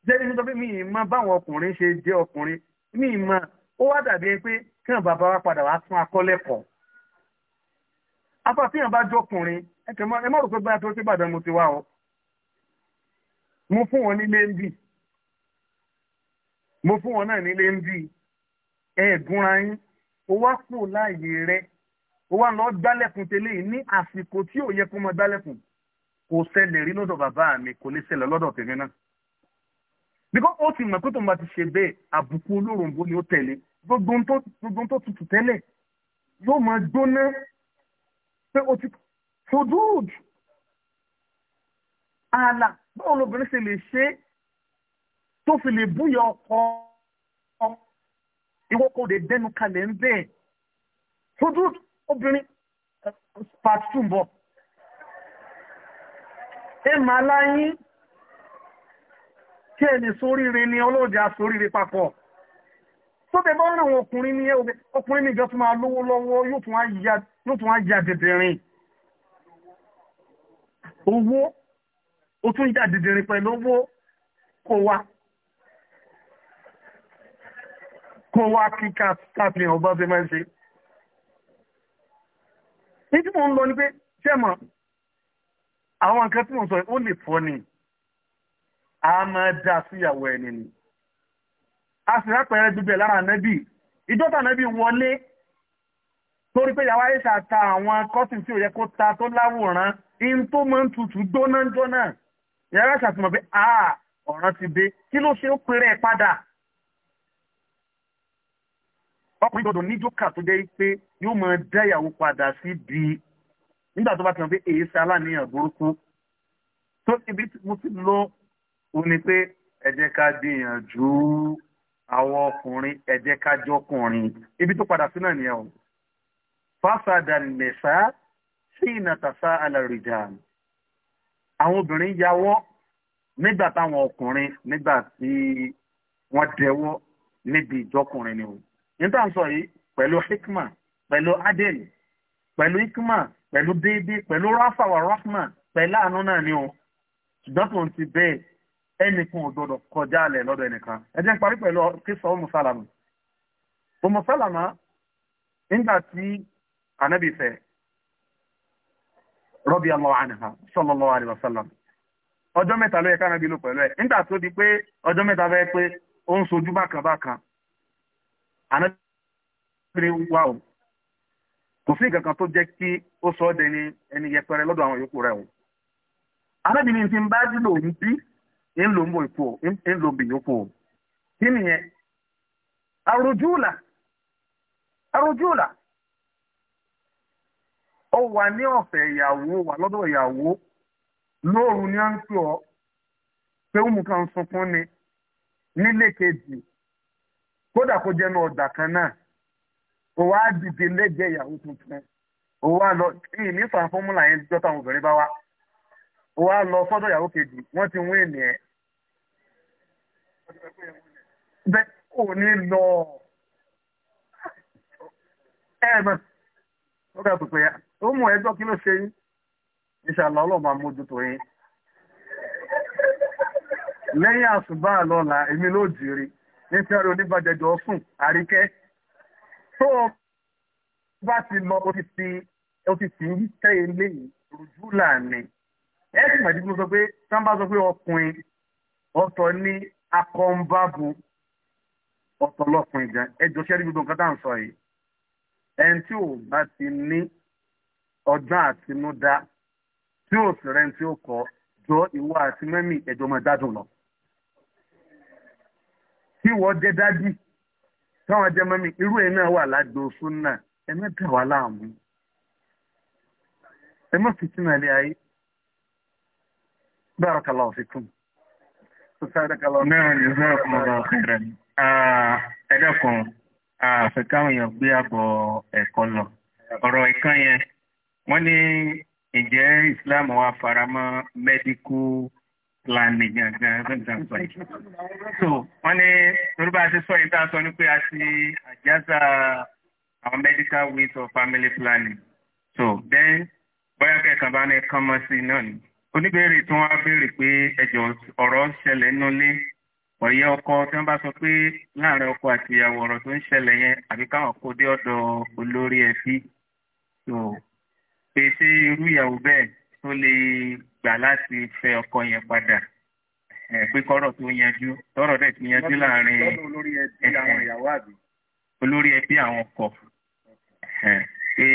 jẹ́ ní sọ́dọ̀ pé mi ì mọ báwọn ọkùnrin ṣe jẹ́ ọkùnrin mi ì mọ ó wá dàbí ẹni pé kí wọn bàbá wa padà wá tún akọ́lẹ́kọ̀ọ́. afa tí wọn bá jọkùnrin ẹ má rò pé báyà tó ṣe bàdàn mo ti wá ọ. mo fún wọn nílé ń bì mo fún wọn náà nílé ń bì ẹ̀ẹ́dúnra yín ó wá kú láàyè rẹ ó wá lọ gbálẹ̀kùn tẹ́lẹ̀ ní àsìkò tí ò yẹ kó mọ gbálẹ̀kùn kò ṣẹlẹ̀ rí lọ́dọ̀ bàbá mi kò lè ṣẹlẹ̀ lọ́dọ̀ tèmi náà bíkọ́ ó ti mọ̀ pé tó máa ti ṣe bẹ́ẹ̀ àbùkù olóròǹbó ni ó tẹ̀lé gbogbo tó tutù tẹ́lẹ̀ yóò máa gbóná pé ó ti fojúùd ààlà báwo lobìnrin ṣe lè ṣe tó fi lè búyọ ọkọ ìwọ kò lè dẹnu kalẹ̀ ń bẹ́ẹ̀ sojú obìnrin part two bọ̀ ẹ máa láyín kí ẹni sóríire ni olóòjì asóríire papọ̀ tó bẹ bá ràn ọkùnrin ní ọkùnrin níjọ tó máa lówó lọ́wọ́ yóò tún á ya dìdìrin owó ó tún ya dìdìrin pẹ̀lú owó kò wá kó wá kí káàkiri ọba ṣe máa ń ṣe ní tí mo ń lọ ní pé ṣẹ́mọ̀ àwọn nǹkan tí mo sọ ó lè fọ́ ni a máa dá síyàwó ẹni ni a sì rápẹrẹ gbígbẹ̀ lára nẹ́bì ìjọba nẹ́bì wọlé torí pé yàwá ìṣà ta àwọn kọ́tìn tí ò yẹ kó ta tó láwòrán in tó máa ń tutù gbóná jóná yàrá ìṣàtìmọ̀ pé a ọ̀ràn ti dé kí ló ṣe ó pèrè padà ọkùnrin gbọdọ̀ ní jókà tó jẹ́ pé yóò máa dá ìyàwó padà sí di nígbà tó bá ti hàn pé èyí ṣe aláníyàn burúkú tó ibi mo ti lọ òun ni pé ẹ jẹ́ ká gbìyànjú àwọn ọkùnrin ẹ jẹ́ ká jọkùnrin ibi tó padà sí náà nìyẹn o fásádà nìṣá sí ìnàtàṣá alàrìjà àwọn obìnrin yawọ́ nígbà táwọn ọkùnrin nígbà tí wọ́n dẹwọ́ níbi ìjọkùnrin ni o. Ndị ń sọ yìí pẹ̀lú hikma pẹ̀lú adel pẹ̀lú hikma pẹ̀lú déédéé pẹ̀lú rahma pẹ̀lú àánú náà ni o ṣùgbọ́n tó ń ti bẹ́ẹ̀ ẹnìkan ò kọjá alẹ̀ lọ́dọ̀ ẹnìkan ẹ jẹ́ parí pẹ̀lú kíso ọmọ sálàmù nígbà tí fẹ́ ọjọ́ mẹ́ta ló yẹ ká lò pẹ̀lú anábìrin wà o kò sí kan tó jẹ́ kí ó sọ ọ́ dẹni ẹni yẹpẹrẹ lọ́dọ̀ àwọn yòókù rẹ̀ o anábìrin ti ń bá bí ń lò o kí nìyẹn ó wà ní ọ̀fẹ́ ìyàwó wà lọ́dọ̀ ìyàwó lóòrùn à ń ọ́ pé ó mú kódà kó jẹ́ nu ọ̀dà kan náà ó wá dìde lẹ́gbẹ̀ẹ́ ìyàwó tuntun ó wá lọ kí ní fa fọ́múlà yẹn jọ́ta obìnrin bá wá ó wá lọ fọ́dọ̀ ìyàwó kejì wọ́n ti wín ènìyàn bẹ́ẹ̀ ò ní lọ ẹ̀ẹ̀mọ̀ ó kà pèpè ya ó mú ẹjọ́ kí ló ṣe yín ìṣàlá ọlọ́mọ yín lẹ́yìn lọ́la èmi ló jìrì. ní fẹ́ràn onígbàjẹjọ fún àríkẹ́ tó o bá ti lọ o ti fi o ti fi ń tẹ́ ilé ìrújú lànà ẹ sì màdí gbogbo sọ pé sábà sọ pé ọkùnrin ọ̀tọ̀ ní akọ́ńbàbù ọ̀tọ̀ lọ́kùnrin gan ẹjọ́ sẹ́rí gbogbo nǹkan tá à ń sọ yìí ẹni tí ò bá ti ní ọgbọ́n àtinúdá tí ò sì rẹ́ni tí ó kọ́ jọ ìwọ àti mẹ́mì ẹ̀jọ̀ máa dádùn lọ. kí wọ́n jẹ́ dádì táwọn jẹ́ irú ẹ̀ wà lágbo súnà ẹ mẹ́ta wà láàmú ẹ fìtínà ayé barakallahu fikum ọ̀fikún náà ní sọ́ọ̀kùn ọ̀rọ̀ ọ̀kẹ́rẹ́ ẹ dákun gbé àbọ̀ ẹ̀kọ́ lọ ọ̀rọ̀ ìkan yẹn wọ́n ní ìjẹ́ wa faramọ́ plan ni gangan gangan sọ yìí. so wọ́n ní torí bá a ti sọ yìí tá a sọ ni pé a ti àjàzà àwọn medical ways of family planning. so then bóyá kẹ̀kan bá ní kán mọ́ sí náà ni. oníbèrè tí wọ́n á béèrè pé ẹ̀jọ̀ ọ̀rọ̀ ṣẹlẹ̀ nínú ilé ọ̀yẹ́ ọkọ tí wọ́n bá sọ pé láàrin ọkọ àti ìyàwó ọ̀rọ̀ tó ń ṣẹlẹ̀ yẹn àbí káwọn kó dé ọ̀dọ̀ olórí ẹbí. so pèsè irú ìyàwó bẹ́ẹ̀ tó lè gbà láti fẹ́ ọkọ yẹn padà pé kọ́rọ̀ tó yanjú tọ́rọ̀ dẹ̀ ti yanjú láàrin olórí ẹbí àwọn ọkọ pé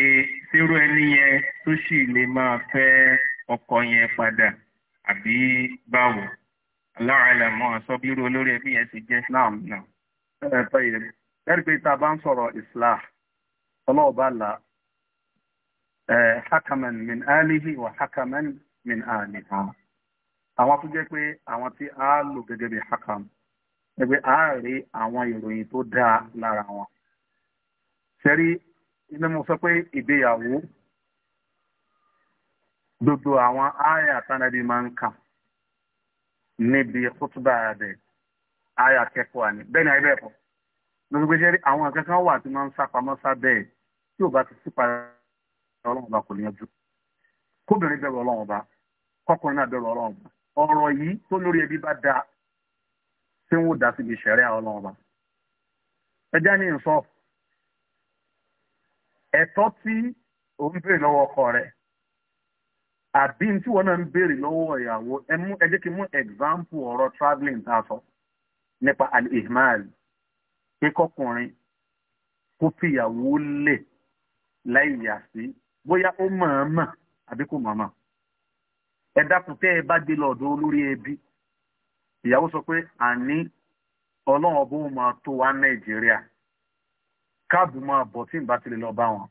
sírú ẹni yẹn tó sì lè máa fẹ́ ọkọ yẹn padà àbí báwo aláàlẹ̀ mọ́ àṣọ bírú olórí ẹbí yẹn ti jẹ́ islam náà. ẹ̀ẹ́dẹ́gbẹ̀ta bá ń sọ̀rọ̀ islam ọlọ́ọ̀bá là Eh, hakaman من آله wa من آلها. aliha àwọn tó jẹ́ pé àwọn tí a lò gẹ́gẹ́ bí hakam ẹgbẹ́ a rí àwọn ìròyìn tó dáa lára wọn sẹ́rí iná mo sọ pé ìgbéyàwó gbogbo àwọn àyà tánàbí máa ń kà níbi kútùbà rẹ̀ àyà kẹ́kọ̀ọ́ àní bẹ́ẹ̀ ni àyẹ̀bẹ̀ pọ̀ lọ́sọ̀gbẹ́sẹ̀ àwọn akẹ́kọ̀ọ́ wà tí wọ́n ń sápamọ́ sábẹ́ tí ò bá ti sípa ọlọ́run ọba kò ní ẹjú kóbìnrin bẹ̀rù ọlọ́run ọba kọkùnrin náà bẹ̀rù ọlọ́run ọba ọ̀rọ̀ yìí tó lórí ẹbí bá da tí wọ́n dá síbi ìṣẹ̀rẹ́ ọlọ́run ọba ẹjá ní nsọ ẹ̀tọ́ tí ò ń béèrè lọ́wọ́ ọkọ rẹ̀ àbí tí wọ́n náà ń béèrè lọ́wọ́ ìyàwó ẹ jẹ́ kí n mú example ọ̀rọ̀ travelling tá a sọ nípa al-ihmal kíkọkùnrin kó fìyàwó lè láì yà sí bóyá ó mọ̀ọ́mọ̀ àbí kò mọ̀ọ́mọ̀ ẹ dákun tẹ́ ẹ bá dé lọ́dọ̀ olórí ẹbí ìyàwó sọ pé àní ọlọ́run ọbọ̀ ó máa tó wá nàìjíríà káàbù máa bọ̀ tí ìbá ti lè lọ bá wọn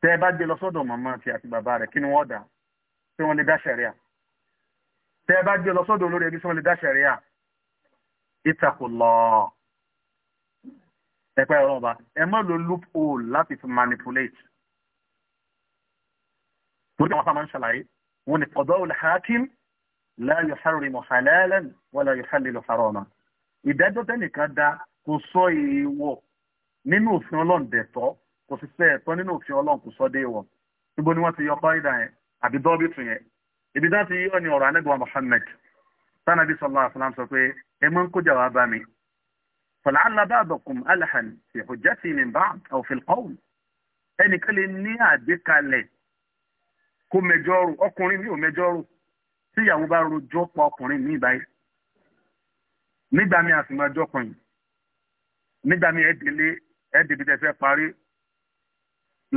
tẹ́ ẹ bá dé lọ sọ́dọ̀ màmá àti àti bàbá rẹ̀ kí ni wọ́n dà tí wọ́n lè dá sẹ̀ríà tẹ́ ẹ bá dé lọ sọ́dọ̀ olórí ẹbí tí wọ́n lè dá sẹ̀ríà ìtàkùlọ̀ ẹ̀pẹ́ ọlọ́run ọba ẹ má lo loophole láti fi manipulate torí àwọn sábà ń ṣàlàyé wọn ni qada al-hakim la yuharrimu halalan wala yuhallilu haraman ìdájọ́ tẹ́nìkan dá kò sọ èèwọ̀ nínú òfin ọlọ́run dẹ̀tọ́ kò sì sẹ́ ẹ̀tọ́ nínú òfin ọlọ́run kò sọ dé wọ̀ níbo ni wọ́n ti yọ kọ́ìdà yẹn àbí dọ́bìtù yẹn ibi dá ti yọ ni ọ̀rọ̀ anẹ́gbọ̀n Muhammad sanabi sallallahu alaihi wasallam sọ pé ẹ máa ń kójà wá bá mi فلعل بعضكم ألحن في حجتي من بعض أو في القول ẹnìkan lè ní àgbékalẹ̀ kó mẹjọ́rù ọkùnrin mi ò mẹjọ́rù tí ìyàwó bá rojọ́ pa ọkùnrin mi ìbáyé nígbà mi àsìmọ́jọ́ kan yìí nígbà mi ẹ̀ẹ́dẹ̀lé ẹ̀ẹ́dẹ̀bí tẹ́ fẹ́ parí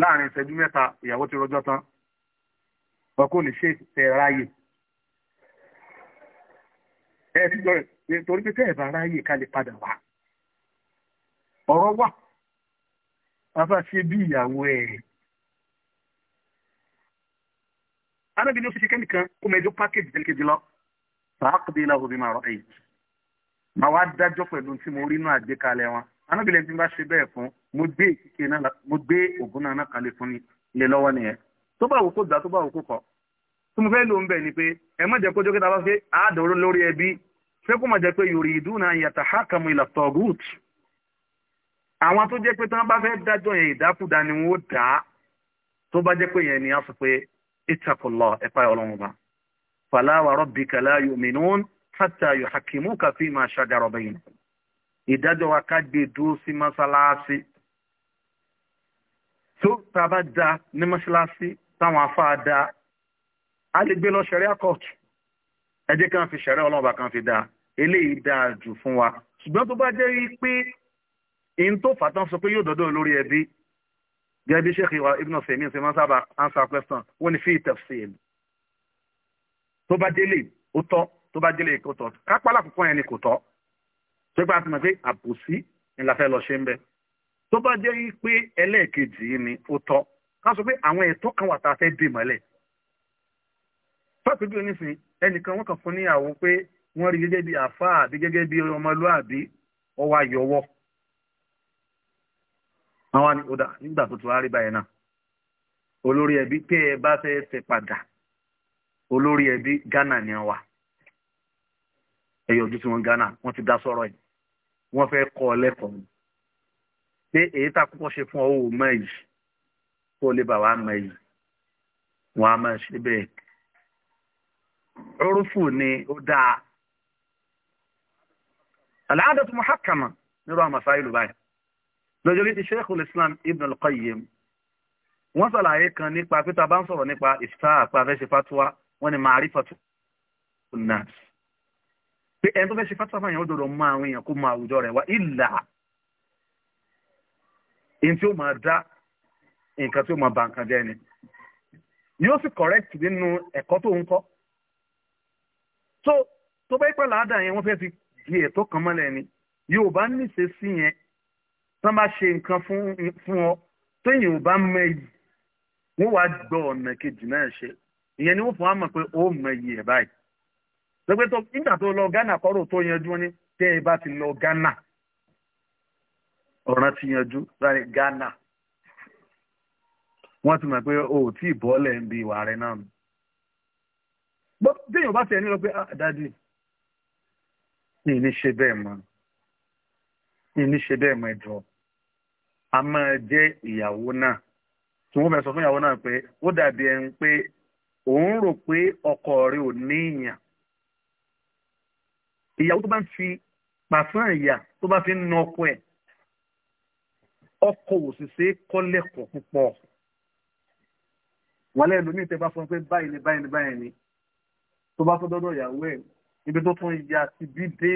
láàrin ìṣẹ́jú mẹ́ta ìyàwó ti rojọ́ tán ọkọ lè ṣe ìfẹ́ ráyè ẹ ti jọ torí pé tẹ́ẹ̀ bá ráyè ká lè padà wá ọ̀rọ̀ wà bàbá ṣe bí ìyàwó ẹ̀ anábì ní ó ṣe ṣe kẹ́nìkan kó mẹ́jọ pákéjì tẹ́lẹ̀kejì lọ fàákùdé ìlà òbí máa rọ èyí máa wá dájọ́ pẹ̀lú tí mo rí inú àgbékalẹ̀ wọn anábì lẹ́ni tí bá ṣe bẹ́ẹ̀ fún mo gbé ìkíkẹ́ náà mo gbé ògùn náà kalẹ̀ fún ilé lọ́wọ́ nìyẹn tó bá wò kó gbà tó bá wò kó kọ̀ tó mo fẹ́ lò ń bẹ̀ ni pé ẹ má jẹ́ kójó kíta àwọn tó jẹ́ pé tí wọ́n bá fẹ́ dájọ́ yẹn ìdákùdá ni wọ́n dá tó bá jẹ́ pé yẹn ni a sọ pé ittaqullah الله ọlọ́run ọba فلا وربك لا يؤمنون حتى يحكموك فيما fima shajara bainahum ìdájọ́ wa ká gbé dúró sí mọ́ṣáláṣí tó tá a bá da ní mọ́ṣáláṣí táwọn afáà da a lè gbé lọ ṣẹ̀ríà kọ́ọ̀tù ẹ jẹ́ kan fi ṣẹ̀ríà ọlọ́run kan fi da eléyìí dáa jù fún wa ṣùgbọ́n tó bá jẹ́ wí pé èyí tó fà sọ pé yóò dọ́dọ̀ lórí ẹbí gẹ́gẹ́ bí sheikh ibn sèmín ṣe máa ń sábà answer question wọ́n ní fi tafsil tó bá délé ó tọ́ tó bá délé kò tọ́ kápálà púpọ̀ yẹn ni kò tọ́ tó gbà tó mọ̀ pé àbòsí ni la fẹ́ lọ ṣe ń bẹ tó bá jẹ́ pé ẹlẹ́ẹ̀kejì yìí ni ó tọ́ ká sọ pé àwọn ẹ̀tọ́ kan wà tá a fẹ́ dè mọ́lẹ̀ fàpẹ́jọ́ nísìnyí wọ́n wá ní ọ̀dà nígbà tó ti wá rí báyìí náà olórí ẹbí tẹ́ ẹ bá fẹ́ fẹ́ padà olórí ẹbí Ghana ni wà ẹ̀yọ̀ ojú tí wọ́n Ghana wọ́n ti dá sọ̀rọ̀ yìí wọ́n fẹ́ kọ́ ọ lẹ́kọ̀ọ́ ni pé èyí tá kọ́kọ́ ṣe fún ọ ò mọ èyí kó lè bà wá mọ èyí wọ́n á máa ṣe bẹ́ẹ̀ orúfù ni ó dáa aláàdàtú muhakama nírú àwọn masáyìlú báyìí lọ́jọ́ rí ti Sheikhul Islam Ibn al-Qayyim wọ́n ṣàlàyé kan nípa pé tá bá ń sọ̀rọ̀ nípa ìfẹ́ àpá fẹ́ ṣe fatuwa wọ́n ni ma'rifatu nas pé ẹni tó fẹ́ ṣe fatuwa fáyàn ó dòdò mọ àwọn èèyàn kó mọ àwùjọ rẹ̀ wá ìlà in tí ó máa dá nǹkan tí ó máa ba nǹkan jẹ́ ni yóò sì correct nínú ẹ̀kọ́ tó ń kọ́ tó tó bá yẹ pẹ́ yẹn wọ́n fẹ́ fi di ètò kan mọ́lẹ̀ ni yóò bá níṣe sí yẹn tán bá ṣe nǹkan fún ọ téèyàn ò bá mọ iyì wọ́n wá gbọ́ ọ̀nà kejì náà ṣe ìyẹn ni wọ́n fún wa mọ̀ pé ó mọ iyì ẹ̀ báyìí lọ́gbẹ́ tó nígbà tó lọ Ghana kọ́rọ̀ tó yanjú ni tẹ́ ẹ bá ti lọ Ghana ọ̀ràn ti yanjú láti Ghana wọ́n ti mọ̀ pé o ò tí ì bọ́ọ̀lẹ̀ ń bi ìwà rẹ̀ náà nù bó téèyàn bá tiẹ̀ ní lọ pé ah, dádì mi ní ṣe bẹ́ẹ̀ mọ́ ní ṣe bẹ́ẹ̀ mọ́ ẹ̀jọ̀ a máa jẹ́ ìyàwó náà tí wọ́n bẹ̀ sọ fún ìyàwó náà pé ó dàbí ẹni pé òun rò pé ọkọ rẹ̀ ò ní ìyàn ìyàwó tó bá ń fi pàṣán ìyà tó bá fi ń na ọkọ ẹ̀ ọkọ òṣìṣẹ́ kọ́lẹ́kọ̀ọ́ púpọ̀ wọn lẹ́nu ní ìtẹ́bá fún pé báyìí ni báyìí ni báyìí ni tó bá tó dọ́dọ̀ ìyàwó ẹ̀ ibi tó tún ya ti bí dé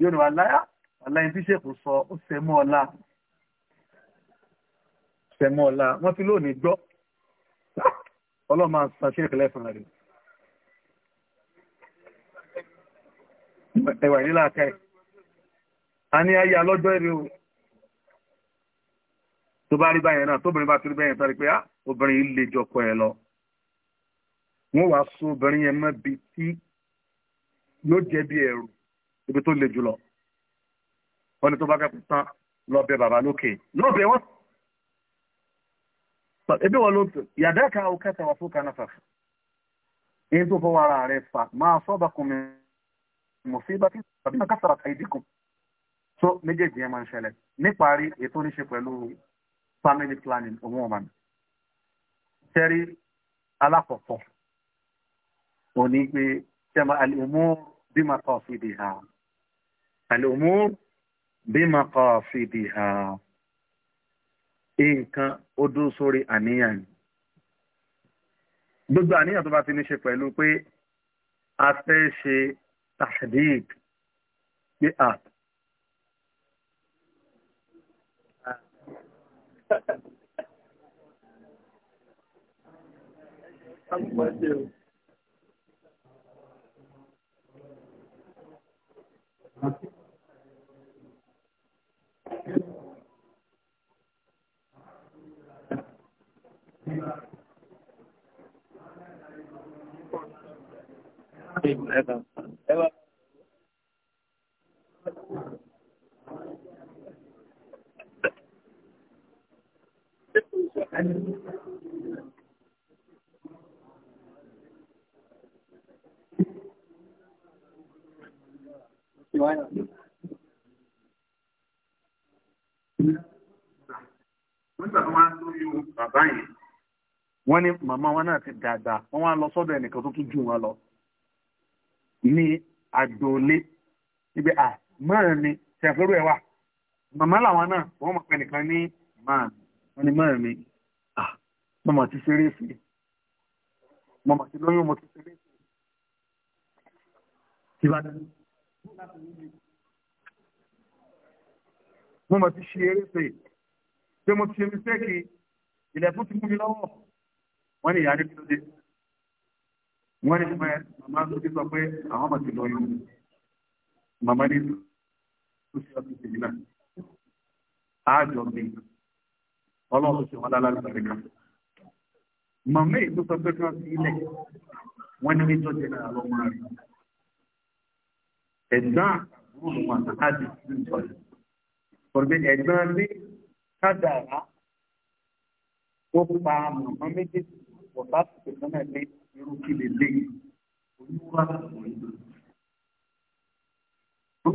yóò ní wà láyà aláyín tí sèkù sọ ó sẹmọ́ ọ̀la sẹmọ́ ọ̀la wọ́n ti lóòní gbọ́ ọlọ́mà san sèkù lẹ́fọn rẹ̀ ẹwà nílà kẹ́ a ní ayé alọ́jọ́ èrè o tó bá rí báyẹn náà tóbìnrin bá torí báyẹn sáré pé á ah, obìnrin yìí lè jọkọ ẹ lọ wọ́n wàá so obìnrin yẹn mọ́ bi tí yóò jẹ́ bí ẹ̀rù ibi tó le jùlọ wọ́n ní tó bá fẹ́ kú tán lọ bẹ bàbá lókè lọ bẹ wọ́n. ebi wọn ló yàdá ka o kẹta wà fún kanafa èyí tó fọwọ́ ara rẹ̀ fà máa sọ́ba kùn mi mọ̀ sí bá kí tàbí náà kásàrà àìdí kù. so méjèèjì yẹn máa ń ṣẹlẹ̀ níparí ètò oníṣe pẹ̀lú family planning òun ọ̀mà mi. sẹ́rí alákọ̀ọ́kọ́ òní pé sẹ́mi àlè òmùú bí màá tọ́ sí ha àlè òmùú bímọ kọ́ fìdí ha nǹkan ó dúró sórí àníyàn gbogbo àníyàn tó bá ti ní ṣe pẹ̀lú pé a fẹ́ ṣe tahdid pé à Thank you. Why not? bàbá yẹn wọ́n ní màmá wọn náà ti dàgbà wọ́n wá lọ sọ́dọ̀ ẹnìkan tó tún jù wọn lọ ní àdòlé níbi à mọ́rin ni ṣẹ̀fẹ́rú ẹ̀ wà màmá làwọn náà wọ́n mọ̀ pé nìkan ní màmí wọ́n ní mọ́rin mi à mọ̀mọ́ ti ṣeré sí i mọ̀mọ́ ti lóyún mo ti ṣeré sí i. Ìbàdàn mọ̀mọ́ ti ṣe eré sí i pé mo ti ṣe mistake ilẹ̀kùn ti mú mi lọ́wọ́ wọ́n ní ìyá ní kí ló dé wọ́n ní pé màmá ló ti sọ pé àwọn ọmọ ti lọ yọ màmá ní tó ṣe ọtí tèmi náà àjọ mi ọlọ́run ṣe wọn lálẹ́ àgbàríkà màmá èyí tó sọ pé kí wọ́n ilẹ̀ wọ́n ní méjọ́ jẹ́ náà lọ́wọ́ rẹ̀ ẹ̀dá àbúrò wọn àti àjọ ìṣúná ìṣọ̀lẹ̀ pọ̀lùbẹ́ ẹ̀gbọ́n ní kádàrá tó pa mọ̀mọ́ méjèèjì pọ̀ láti pèsè náà lé irú kí lè lé olúwa òyìnbó.